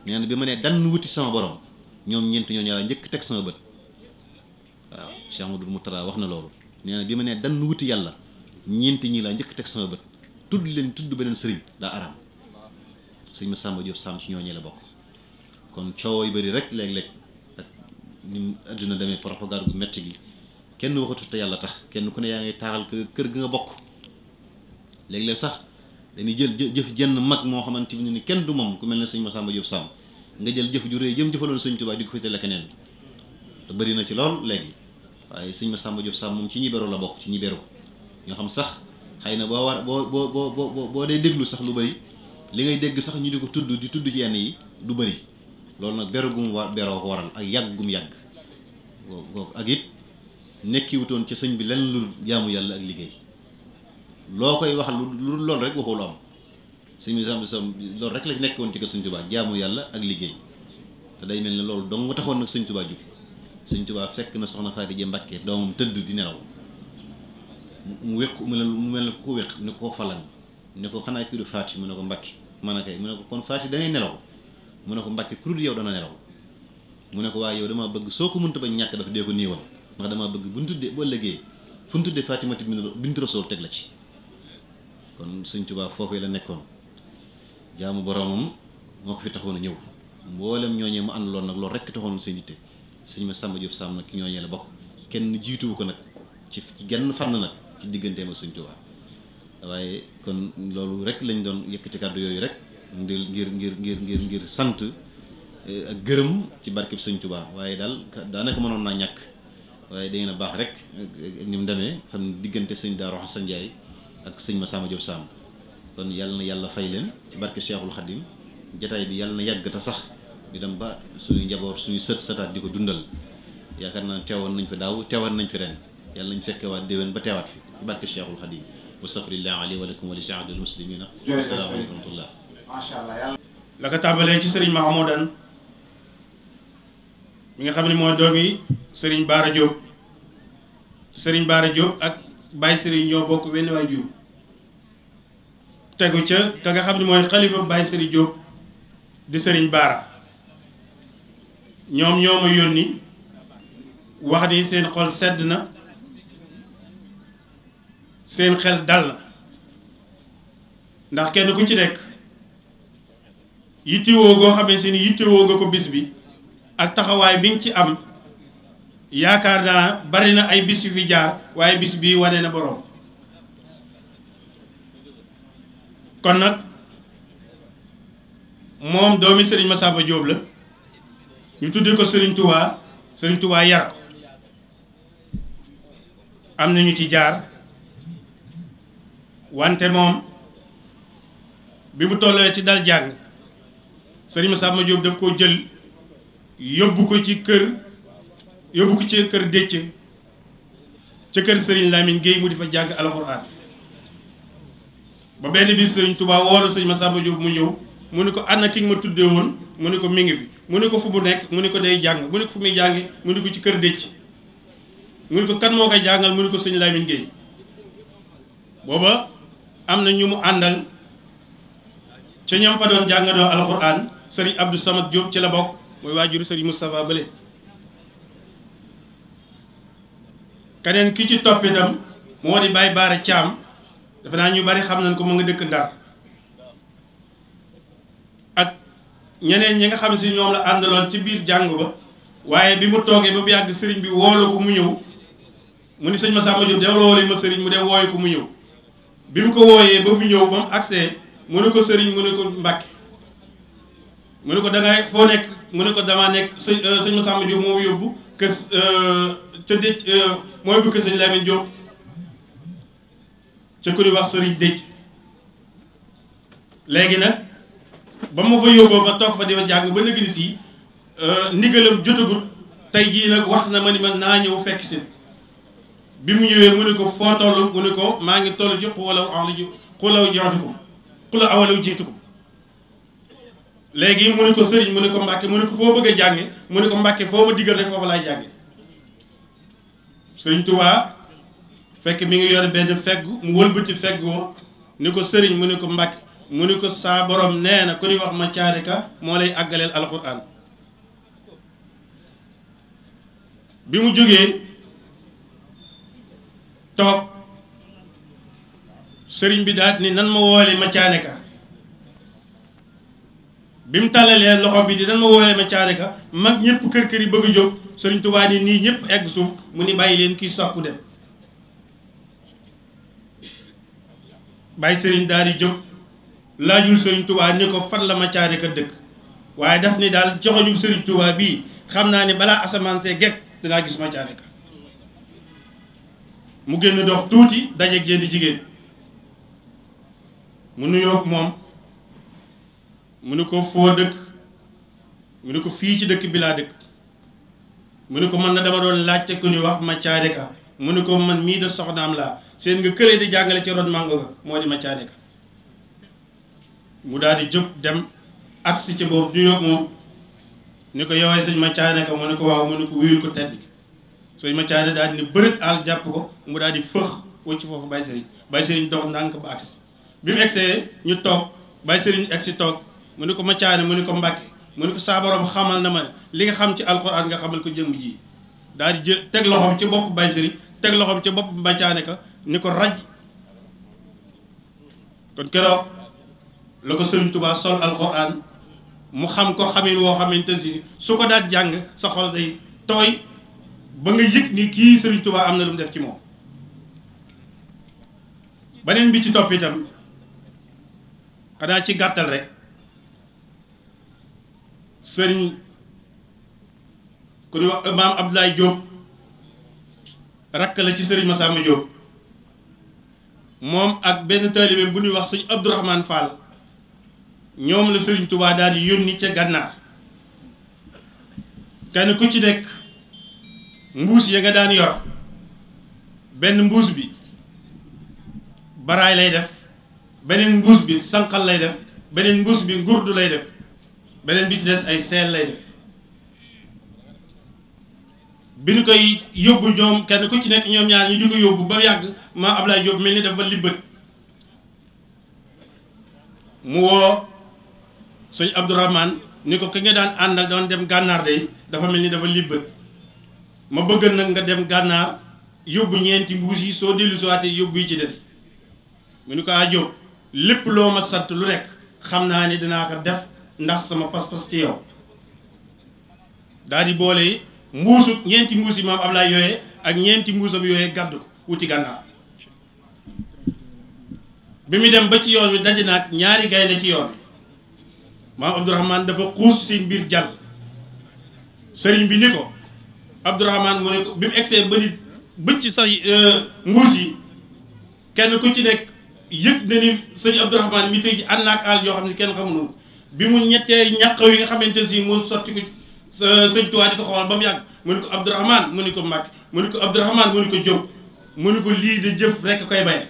nee bi ma nee dann wuti sama borom ñoom ñeent ñooñu la njëkk teg sama bët waaw Cheikh Mahamadou Mourtada wax na loolu nee na ma nee dann wuti yàlla ñeenti ñii laa njëkk teg sama bët tudd leen tudd beneen sëriñ daa araam sëñ ma Samba Diop Samb ci ñooñee la bokk kon coow yu rek léeg-léeg ak ni demee propagande gu metti gi kenn waxatut te yàlla tax kenn ku ne yaa ngay taaral kër gi nga bokk léeg-léeg sax dañuy jël jëf jenn mag moo xamante ne ni kenn du moom ku mel ne sëñ ma Samba Diop Samb nga jël jëf ju rëy jëm jëfaloon sëñ Tuubaa di ko féetale keneen te bëri na ci lool léegi waaye sëñ ma Samba job Samb moom ci ñi beru la bokk ci ñi beru nga xam sax xëy na boo war boo boo boo boo dee déglu sax lu bëri li ngay dégg sax ñu di ko tudd di tudd ci yenn yi du bëri loolu nag beru gum war beroo ko waral ak yàgg gum yàgg googu ak it nekkiwutoon ci sëñ bi lenn lu jaamu yàlla ak liggéey loo koy wax lu loolu rek waxul am sëñ bi sam sam loolu rek la nekkoon ci ko sëñ Tuubaa jaamu yàlla ak liggéey te day mel ne loolu dong nga taxoon nag sëñ Tuubaa jóge sëñ Tuubaa fekk na soxna Faati Jee Mbàkke doomam tëdd di nelaw mu wéq mu mel ne ko wéq ne koo falang ne ko xanaa kii du faati mu ne ko mbakki man a kay mu ne ko kon faati danay nelaw mu ne ko mbakki ku yow dana nelaw mu ne ko waaye yow damaa bëgg soo ko mënta ba ñàkk dafa dee ko néewal ndax damaa bëgg bu ñu tuddee bu ëllëgee fu ñu tuddee Fatimatu bintu Rasuul teg la ci kon Sëñ foofu foofee la nekkoon jaamu boromam moo ko fi taxoon a ñëw mboolem ñooñee mu ànd lool nag loolu rekk taxoon seen yitte sëñ ma Samba Diop Samb nag ki ñooñee bokk kenn jiituwu ko nag ci ci genn fànn nag ci digganteem ak sëñ Tuubaa waaye kon loolu rek lañ doon yëkkati kàddu yooyu rek ngir ngir ngir ngir ngir ngir sant eh, ak gërëm ci barkeb sëñ Tuubaa waaye daal daanaka mënoon naa ñàkk waaye dangeen a baax rek eh, ni mu demee xam ne diggante sëñ Daaru Xasan Njaay ak sëñ ma Masamba Jóob Sàmm kon yàlla na yàlla fay leen ci barke Cheikhul Xadim jataay bi yàlla na yàgg te sax ñu dem ba suñu njaboot suñu sët sëtaat di ko dundal yaakaar naa teewoon nañ fi daaw nañ fi ren yàlla nañ fekke waat déwén ba teewaat fi ci barke Cheikhul Khadim wastaghfirullah ali wa lakum wa li saa'iril muslimina assalaamu aleykum wa rahmatullah macha allah la ko tàmbalee ci sëriñ Mahmoudan mi nga xam ne mooy doom yi sëriñ Baara Diop sëriñ Baara Diop ak Baye Sëriñ ñoo bokk wenn waay jiw tegu ca ka nga xam ne mooy xalifa Baye Sëriñ Diop di sëriñ Baara ñoom ñoo ma yónni wax ni seen xol sedd na seen xel dal na ndax kenn ku ci nekk yittewoo goo xamee si ni yittewoo nga ko bis bi ak taxawaay bi nga ci am yaakaar naa bari na ay bis yu fi jaar waaye bis bii wane na boroom kon nag moom doomi sëriñ Massamba Diop la ñu tuddee ko Serigne Touba Serigne Touba yar ko am na ñu ci jaar. wante moom bi mu tollee ci dal jàng sëriñ ma Diop daf koo jël yóbbu ko ci kër yóbbu ko ci kër décc ca kër sëriñ Lamine Guèye mu di fa jàng alxuraan ba benn bis sëriñ Touba woolu sëriñ ma Diop mu ñëw mu ne ko ana ki ma tuddee woon mu ne ko mi ngi mu ne ko fu mu nekk mu ne ko day jàng mu ne ko fu muy jàngi mu ne ko ci kër décc mu ne ko kan moo koy jàngal mu ne ko sëriñ Lamine Guèye booba am na ñu mu àndal ca ñoom fa doon jàngadoo alxuraan sëriñ Abdou Samad Diop ci la bokk mooy waajuru sëriñ Moustapha Bële keneen ki ci topp itam moo di Baye Baara Thiam dafa naa ñu bari xam nañ ko mu nga dëkk Ndar ak ñeneen ñi nga xam si ñoom la àndaloon ci biir jàng ba waaye bi mu toogee ba mu yàgg sëriñ bi woolu ko mu ñëw mu ni sëñ Massamba Diop dem woolu ma sëriñ mu dem wooyu ko mu ñëw bi mu ko wooyee ba mu ñëw ba mu agsee mu ne ko sëriñ mu ne ko mbàkke mu ne ko dangay foo nekk mu ne ko damaa nekk sëñ euh, sëñ Masamba Diop moo yóbbu kër euh, ca dëj euh, moo yóbbu kër sëñ Lamine Diop ca ku di wax sëriñ dëj léegi nag ba mu fa yóbboo ma toog fa di ma jàng ba léegi nii si ndigalam jotagut tey jii nag wax na ma ni ma naa ñëw fekk si bi mu ñëwee mu ne ko foo toll mu ne ko maa ngi toll ci xulaw awlu xulaw joxtukum xulaw awalaw jiitukum léegi mu ne ko sëriñ mu ne ko mbàkke mu ne ko foo bëgg a mu ne ko mbàkke foo ma diggal rek foofu laay jànge sëriñ tubaa fekk mi ngi yore benn feggu mu wëlbati feggoo ni ko sëriñ mu ne ko mbàkke mu ne ko saa borom nee na ku ñuy wax ma caarika moo lay àggaleel alxuraan bi mu jógee toog sëriñ bi daat ni nan ma woole ma ka bi mu tàllalee loxo bi di nan ma woole ma caane ka mag ñépp kër kër yi bëgg a jóg sëriñ Tuubaa ni nii ñëpp egg suuf mu ni bàyyi leen kii sàkku dem bàyyi sëriñ daal di jóg laajul sëriñ Tuubaa ni ko fan la ma ka dëkk waaye daf ni daal joxoñu sëriñ Tuubaa bii xam naa ni balaa asamaan see gekk dinaa gis ma caane ka mu génn dox tuuti dajeeg jenn jigéen mu nuyoo ak moom mu ne ko foo dëkk mu ne ko fii ci dëkk bi laa dëkk mu ne ko man na dama doon laajte ku ñuy wax ma caade mu ne ko man mii de soxnaam laa seen nga këlee di jàngale ci ron màngo ga moo di ma caade mu daal di jóg dem agsi ci boobu nuyoo ak moom ni ko yowee sëñ ma caade mu ne ko waaw mu ne ko wuyul ko tedd gi sooy ma daal di ne bërët àll jàpp ko mu daal di fëx wëcc foofu bay sëriñ bay sëriñ dox ndànk ba agsi bi mu egsee ñu toog bay sëriñ egsi toog mu ne ko ma mu ni ko mbàkke mu ne ko saabaroom xamal na ma ne li nga xam ci alxuraan nga xamal ko jëmm ji daal di jël teg loxoom ci bopp bay sëriñ teg loxoom ci bopp ma caane ka ni ko raj kon keroog la ko sëriñ tubaa sol alxuraan mu xam ko xamin woo xamante si su ko daal jàng sa xol day tooy ba nga yëg ni kii Serigne Touba am na lu mu def ci moom beneen bi ci topp itam xanaa ci gàttal rek Serigne ku ñuy wax maam Abdoulaye jóob rakk la ci Serigne Massamba jóob moom ak benn taalibeem bu ñuy wax sëñ Abdourahmane Fall ñoom la Serigne tubaa daal di yónni ca gànnaar kenn ku ci nekk. mbuus ya nga daan yor benn mbuus bi baraay lay def beneen mbuus bi sànqal lay def beneen mbuus bi ngurdu lay def beneen bi ci des ay seel lay def bi ñu koy yóbbu ñoom kenn ku ci nekk ñoom ñaar ñu di ko yóbbu ba yàgg ma maa Ablaye Diop mel ni dafa libbët mu woo sëñ Abdourahmane ni ko ki nga daan ànd ak doon dem gànnaar day dafa mel ni dafa libbët ma bëgg nag nga dem gànnaar yóbbu ñeenti mbuus yi soo dellu siwaatee yóbbu yi ci des mu ni ko a ah, lépp loo ma sant lu rekk xam naa ni danaa ko def ndax sama pas-pas ci yow daal di boole yi mbuusu ñeenti mbuus yi maam Ablaay yooyee ak ñeenti mbuusam yooyee gàddu ko wuti gànnaar bi mu dem ba ci yoon wi daje naag ñaari gaynde ci yoon wi maam Abdourahman dafa xuus seen biir jàll sëriñ bi ni ko Abdourahmane mu ne ko bi mu egsee bëri bëcc sa mbuus euh, yi kenn ku ci nekk yëpp na ni sëñ Abdourahmane mi tey ji ànd naak àll yoo xam ne kenn xamuñu bi mu ñettee ñàqaw yi nga xamante si mu sotti ko euh, sëñ Tuubaa di ko xool ba mu yàgg mu ne ko Abdourahmane mu ne ko Mbàkke mu ne ko Abdourahmane mu ne ko jëw mu ne ko lii de jëf rekk koy bay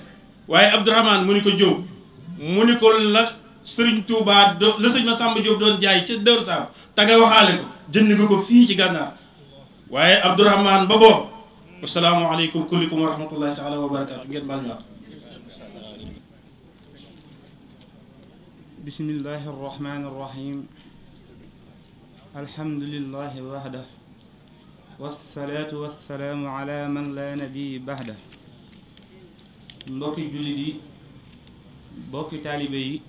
waaye Abdourahmane mu ni ko Jóob mu ne ko la sëriñ Tuubaa do la sëñ Masamba Jóob doon jaay ca Dóor Saam te nga waxaale ko ko fii ci gànnaar waaye Abdourahman ba boobu asalaamaaleykum kullikum wa rahmatullahi taala wa barakaatu ngeen baal ñu wax bismillahi arrahmani arrahim alhamdulillahi wahda wassalaatu wassalaamu ala man la nabi bahda mbokki jullit yi mbokki taalibe yi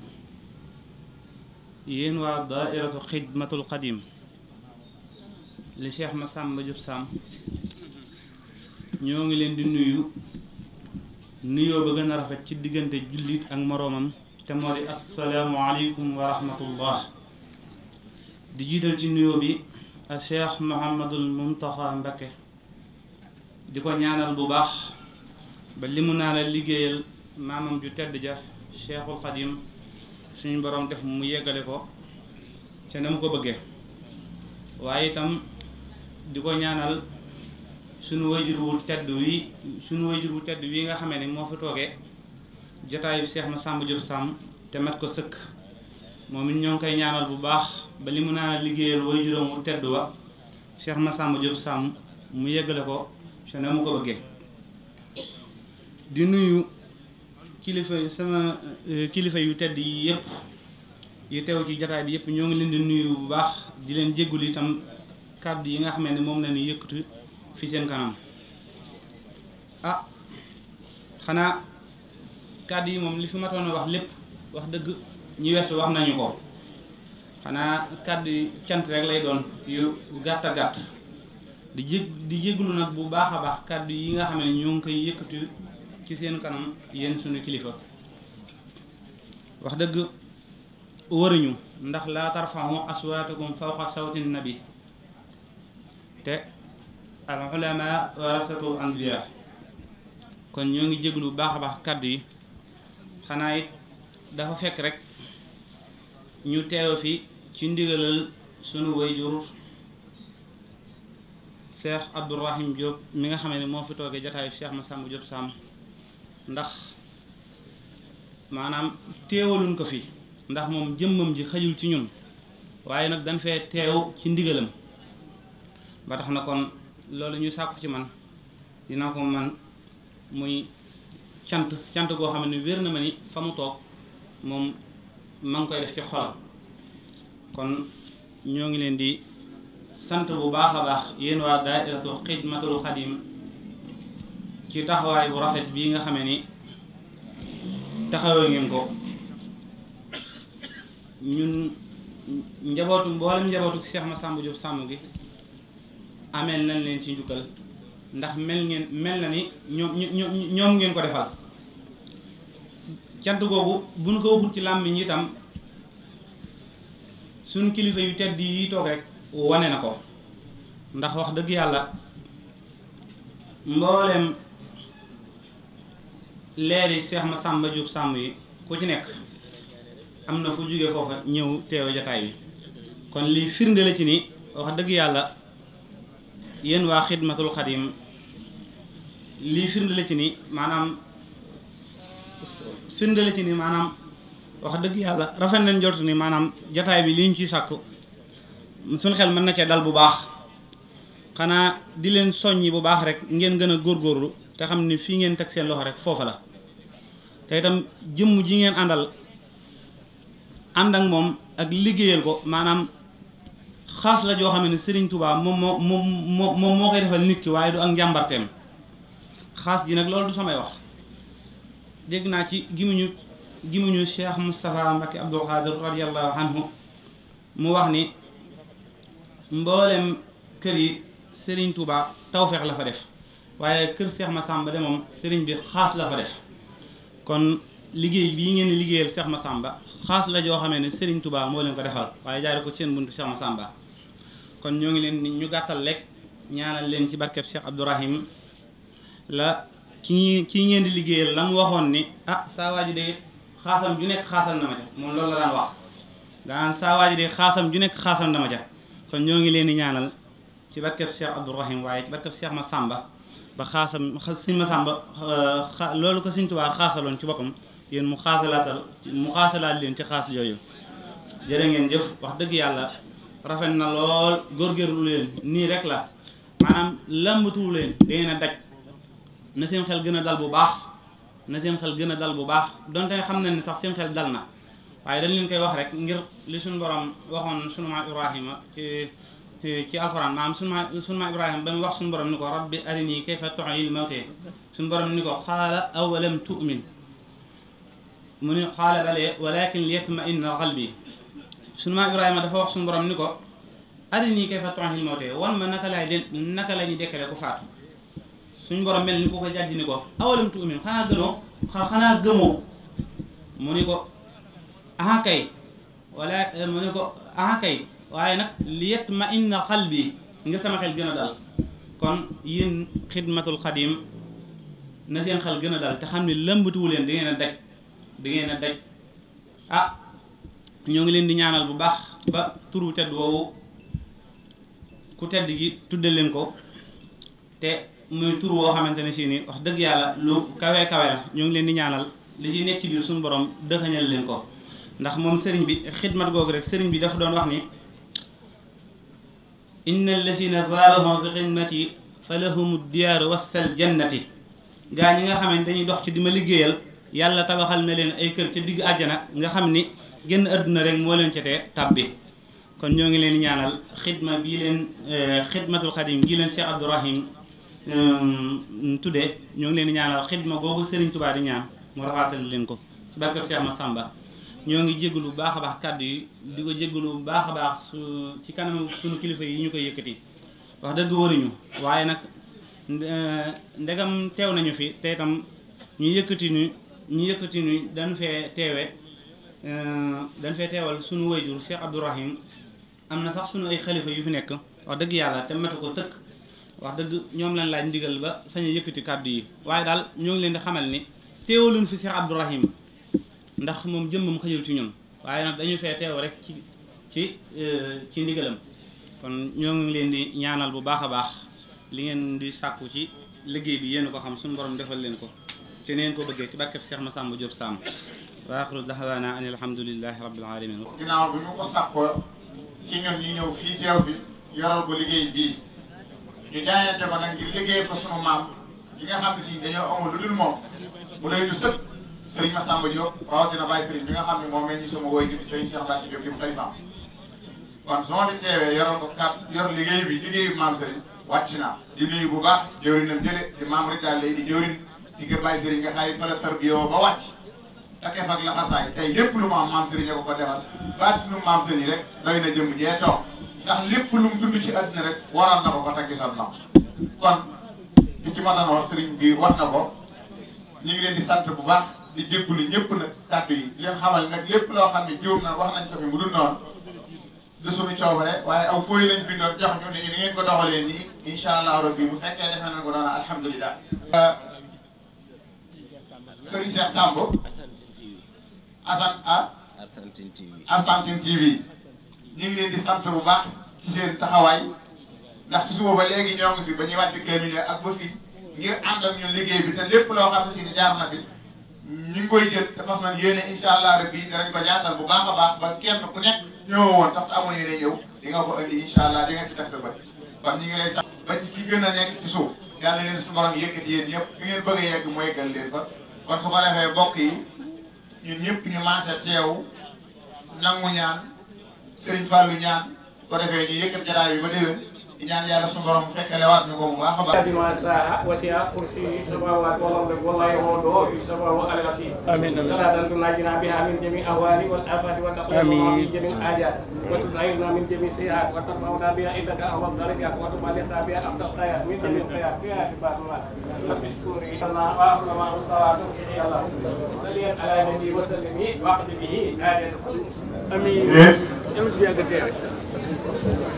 yéen waa daairatu xidmatul qadim li Cheikh Massamba Diop Sam ñoo ngi leen di nuyu nuyoo ba gën a rafet ci diggante jullit ak moroomam te moo di asalaamualeykum wa rahmatullah di jiital ci nuyoo bi a Cheikh Mouhamadul Mountakha Mbacké di ko ñaanal bu baax ba li mu naa la liggéeyal maamam ju tedd ja Cheikhul Khadim suñu borom def mu yeggale ko ca na mu ko bëggee waaye itam di ko ñaanal sunu wajur wu tedd wi sunu wajur wu tedd wii nga xamee ne moo fi toogee jotaayu Seex Masamba Jóob Sàmm te mat ko sëkk moom it ñoo koy ñaanal bu baax ba li mu naan liggéeyal wajuram wu tedd wa Seex Masamba Jóob Sàmm mu yeggale ko sa na mu ko bëggee di nuyu kilifa sama eh, kilifa yu tedd yi yëpp yi teew ci jotaay bi yëpp ñoo ngi leen di nuyu bu baax di leen jéggul itam kàddu yi nga xamee ne moom la ñu yëkkati fi seen kanam ah xanaa kàddu yi moom li fi matoon a wax lépp wax dëgg ñi weesu wax nañu ko xanaa kàddu yi cant rek lay doon yu gàtt a gàtt di jég di jéglu nag bu baax a baax kàddu yi nga xam ne ñoo koy yëkkati ci seen kanam yéen suñu kilifa wax dëgg waruñu ndax laa tarfahu aswaatakum fawqa sawti nabi teg al ulama warasatul anbiya kon ñoo ngi bu baax a baax kàddu yi xanaa it dafa fekk rek ñu teew fi ci ndigalal sunu wayjur Cheikh Abdourahim Diop mi nga xam ne moo fi toogee jotaayu ma Massamba Diop Sam ndax maanaam teewaluñ ko fi ndax moom jëmmam ji xajul ci ñun waaye nag dañ fee teew ci ndigalam ba tax na kon loolu ñu sàkku ci man dina ko man muy cant cant goo xam ne wér na ma ni fa mu toog moom ma ngi koy def ci xolam kon ñoo ngi leen di sant bu baax a baax yéen waa daairatu xidmatul xadim ci taxawaay bu rafet bii nga xamee ni taxawee ngeen ko ñun njabootu mboolem njabootu Cheikh Massamba Diop sàmm gi ameel na leen ci njukkal ndax mel ngeen mel na ni ñoom ñoom ngeen ko defal cant googu bu nu ko waxut ci làmmiñ itam suñu kilifa yu tedd yi toog rek wane na ko ndax wax dëgg yàlla mboolem yi Seex Masàmba Jóob sàmm yi ku ci nekk am na fu jóge foofa ñëw teew jataay bi kon li firnde ci ni wax dëgg yàlla yéen waa xidmatul xadim lii firndale ci ni maanaam firndale ci ni maanaam wax dëgg yàlla rafet nañ njort ni maanaam jataay bi li ñu ciy sàkku suñ xel mën na cee dal bu baax xanaa di leen soññi bu baax rek ngeen gën a góor góorlu te xam ni fii ngeen teg seen loxo rek foofa la te itam jëmm ji ngeen àndal ànd ak moom ak liggéeyal ko maanaam xaas la joo xam ne sëriñ tubaa moom moo moo moom moo koy defal nit ki waaye du ak njàmbarteem xaas gi nag loolu du samay wax dégg naa ci gimuñu gimuñu Cheikh Moustapha Mbacké Abdoul Khadir radiyallahu anhu mu wax ni mboolem kër yi Serigne Touba tawfeex la fa def waaye kër Cheikh Massamba de moom Serigne bi xaas la fa def kon liggéey bii ngeen di liggéeyal Cheikh Massamba xaas la joo xamee ne Serigne tubaa moo leen ko defal waaye jaare ko seen buntu Cheikh Massamba kon ñoo ngi leen ñu gàttal lekk ñaanal leen ci barkeb Cheikh Abdourahim la ki kii ngeen di liggéeyal la mu waxoon ni ah saa waa de xaasam ju nekk xaasal na ca moom la daan wax daan saa waa de xaasam ju nekk xaasal na ma kon ñoo ngi leen di ñaanal ci barkeb Cheikh Abdourahim waaye ci barkeb Cheikh sàmba ba xaasam sëñ Massamba loolu ko sëñ Tuubaa xaasaloon ci boppam yéen mu xaasalaatal mu xaasalaat leen ci xaas yooyu jërë ngeen jëf wax dëgg yàlla rafet na lool góorgóorlu leen nii rek la maanaam làmbatuwu leen dangeen daj na seen xel gën dal bu baax na seen xel gën a dal bu baax doon donte xam na ne sax seen xel dal na waaye dañ leen koy wax rek ngir li suñu borom waxoon sunu maam Ibrahima ci ci alxuraan maanaam sunu maam sunu ba mu wax suñu borom ni ko rabbi arinii kayfa tuhyil mawtee suñu borom ni ko xaala awalam tu'min mu ni xaala balee walakin liyatma'inna qalbi sunu maam Ibrahima dafa wax sunu borom ni ko arinii kayfa tuhil mawtee wan ma naka laay den naka la ñuy dekkale ku faatu suñu borom mel ni ku ko jàjj ni ko awalam tu'min xanaa gënoo xanaa gëmoo mu ni ko aha kay wala mu ni ko aha waaye nag li yatma inna qalbi nga sama xel gën a dal kon yéen xidmatul xadim na seen xel gën a dal te xam ne lëmbatuwu leen di ngeen a daj di ngeen a daj ah, ñoo ngi leen di ñaanal bu baax ba turu tedd woowu ku tedd gi tuddal leen ko te muy tur woo xamante ne si wax dëgg yàlla lu kawe kawe la ñoo ngi leen di ñaanal li ci nekk ci biir suñu borom dëxañal leen ko ndax moom sëriñ bi xidmat googu rek sëriñ bi dafa doon wax ni inna allazina zaalahum fi xidmati fa lahum diyaaru wasal jannati gaa ñi nga xam dañuy dox ci di ma liggéeyal yàlla tabaxal na leen ay kër ca digg àjjana nga xam ni génn àdduna rek moo leen ca tee bi kon ñoo ngi leen ñaanal xidma bii leen eh, xidmatul xadim gii leen Cheikh Abdourahim ehm, tudde ñoo ngi leen ñaanal xidma googu Serigne Touba di ñaan mu rafaatal leen ko ci barke Cheikh Massamba ñoo ngi jégalu lu baax a baax kàdd yi di ko jégalu bu baax a baax su ci kanam suñu kilifa yi ñu koy yëkkati wax dëgg waruñu waaye nag ndegam teew nañu fi te itam ñu yëkkati ñu ñu yëkkati ñu dañu fee teewe Euh, dañ fee teewal sunu wayjur Cheikh Abdourahim am na sax sunu ay xalifa yu fi nekk wax dëgg yàlla te matu ko sëkk wax dëgg ñoom lañ laaj ndigal ba sañ a yëkkati kàddu yi waaye daal ñoo ngi leen di xamal ni teewaluñ fi Cheikh Abdourahim ndax moom jëmmam xëjul ci ñun waaye nag dañu fee teew rek ci ci euh, ci ndigalam kon ñoo ngi leen di ñaanal bu baax a baax li ngeen di sàkku ci liggéey bi yéen ko xam suñu borom defal leen ko te neen ko bëggee ci seex Cheikh Massamba Diop Samb wa axiru daxwaana an alhamdulilahi rabbil alamin ginnaaw bi ñu ko sàkkoo ci ñun ñu ñëw fii teew bi yoral ko liggéey bii ñu jaayante ko nag ngir sunu maam gi nga si dañoo amul moom bu lay ñu sëpp sëriñ Massamba Diop rawatina bàyyi sëriñ bi nga xam ne moom a ñi sama woy gi sëriñ Cheikh Mbacke Diop yëpp xalifaam kon su teewee yoral ko kat yor liggéey bi liggéey bi maam sëriñ wàcc naa di nuyu bu baax jëwrinam jële di maam Rita lay di jëwrin ci kër bàyyi takkee fag laxasaay tey lépp lu mu am maam Serigne ko ko defal baati nu maam Serigne rek doy na jëm jee toog ndax lépp lu mu dund ci àddina rek waral na ko ko taggisal na kon li ci mën a wax Serigne bi wax na ko ñu ngi leen sant bu baax di jëpp ñëpp nag kàddu yi di leen xamal nag lépp loo xam ne juum na wax nañ ko mu dul noonu du suñu coobare waaye aw fooy lañ bindoon jox ñu ne ñu ni ngeen ko doxalee nii incha allah rabbi bu fekkee defe nañ ko doon Assane ah. Argentine TV Argentine TV ñu ngi leen di sant bu baax ci seen taxawaay ndax ci suba ba léegi ñoo ngi fi ba ñuy wàcc kaamil ak ba fii ngir am ak ñun liggéey bi te lépp loo xam si ni jaar na fi ñu ngi koy jël te fas nañ yéene incha allah rabbi danañ ko ñaatal bu baax a baax ba kenn ku nekk ñëw woon sax te amul yéene ñëw di nga ko indi incha allah di nga ci teg sa bët kon ñu ngi lay sax ba ci ki gën a nekk ci suuf yàlla leen suñu borom yëkkati yéen ñëpp fi ngeen bëgg a yegg mu yeggal ñun ñëpp ñu maase teewu nangu ñaan Serigne Fallou ñaan ko defee ñu yëkkat jataay bi ba déwén di ñaan yàlla suñu borom fekkale waat ñu ko bu baax a baax. bima saa wasiya kursi samawaat wal ardi wallaahi huwa doobi samawu al asim amiin amiin salaatan tunajjina biha min jami ahwaali wal afaati wa taquluna min jami ajat wa tutahhiruna min jami sayyiat wa tarfa'una biha indaka ahwal darajat wa tuballighna biha aqsal ghayat min jami khayat fiha ibadullah rabbi shkuri lana wa ahlama salatu ilallah salli ala nabi wa sallimi wa qdihi ajat amiin yàgg teew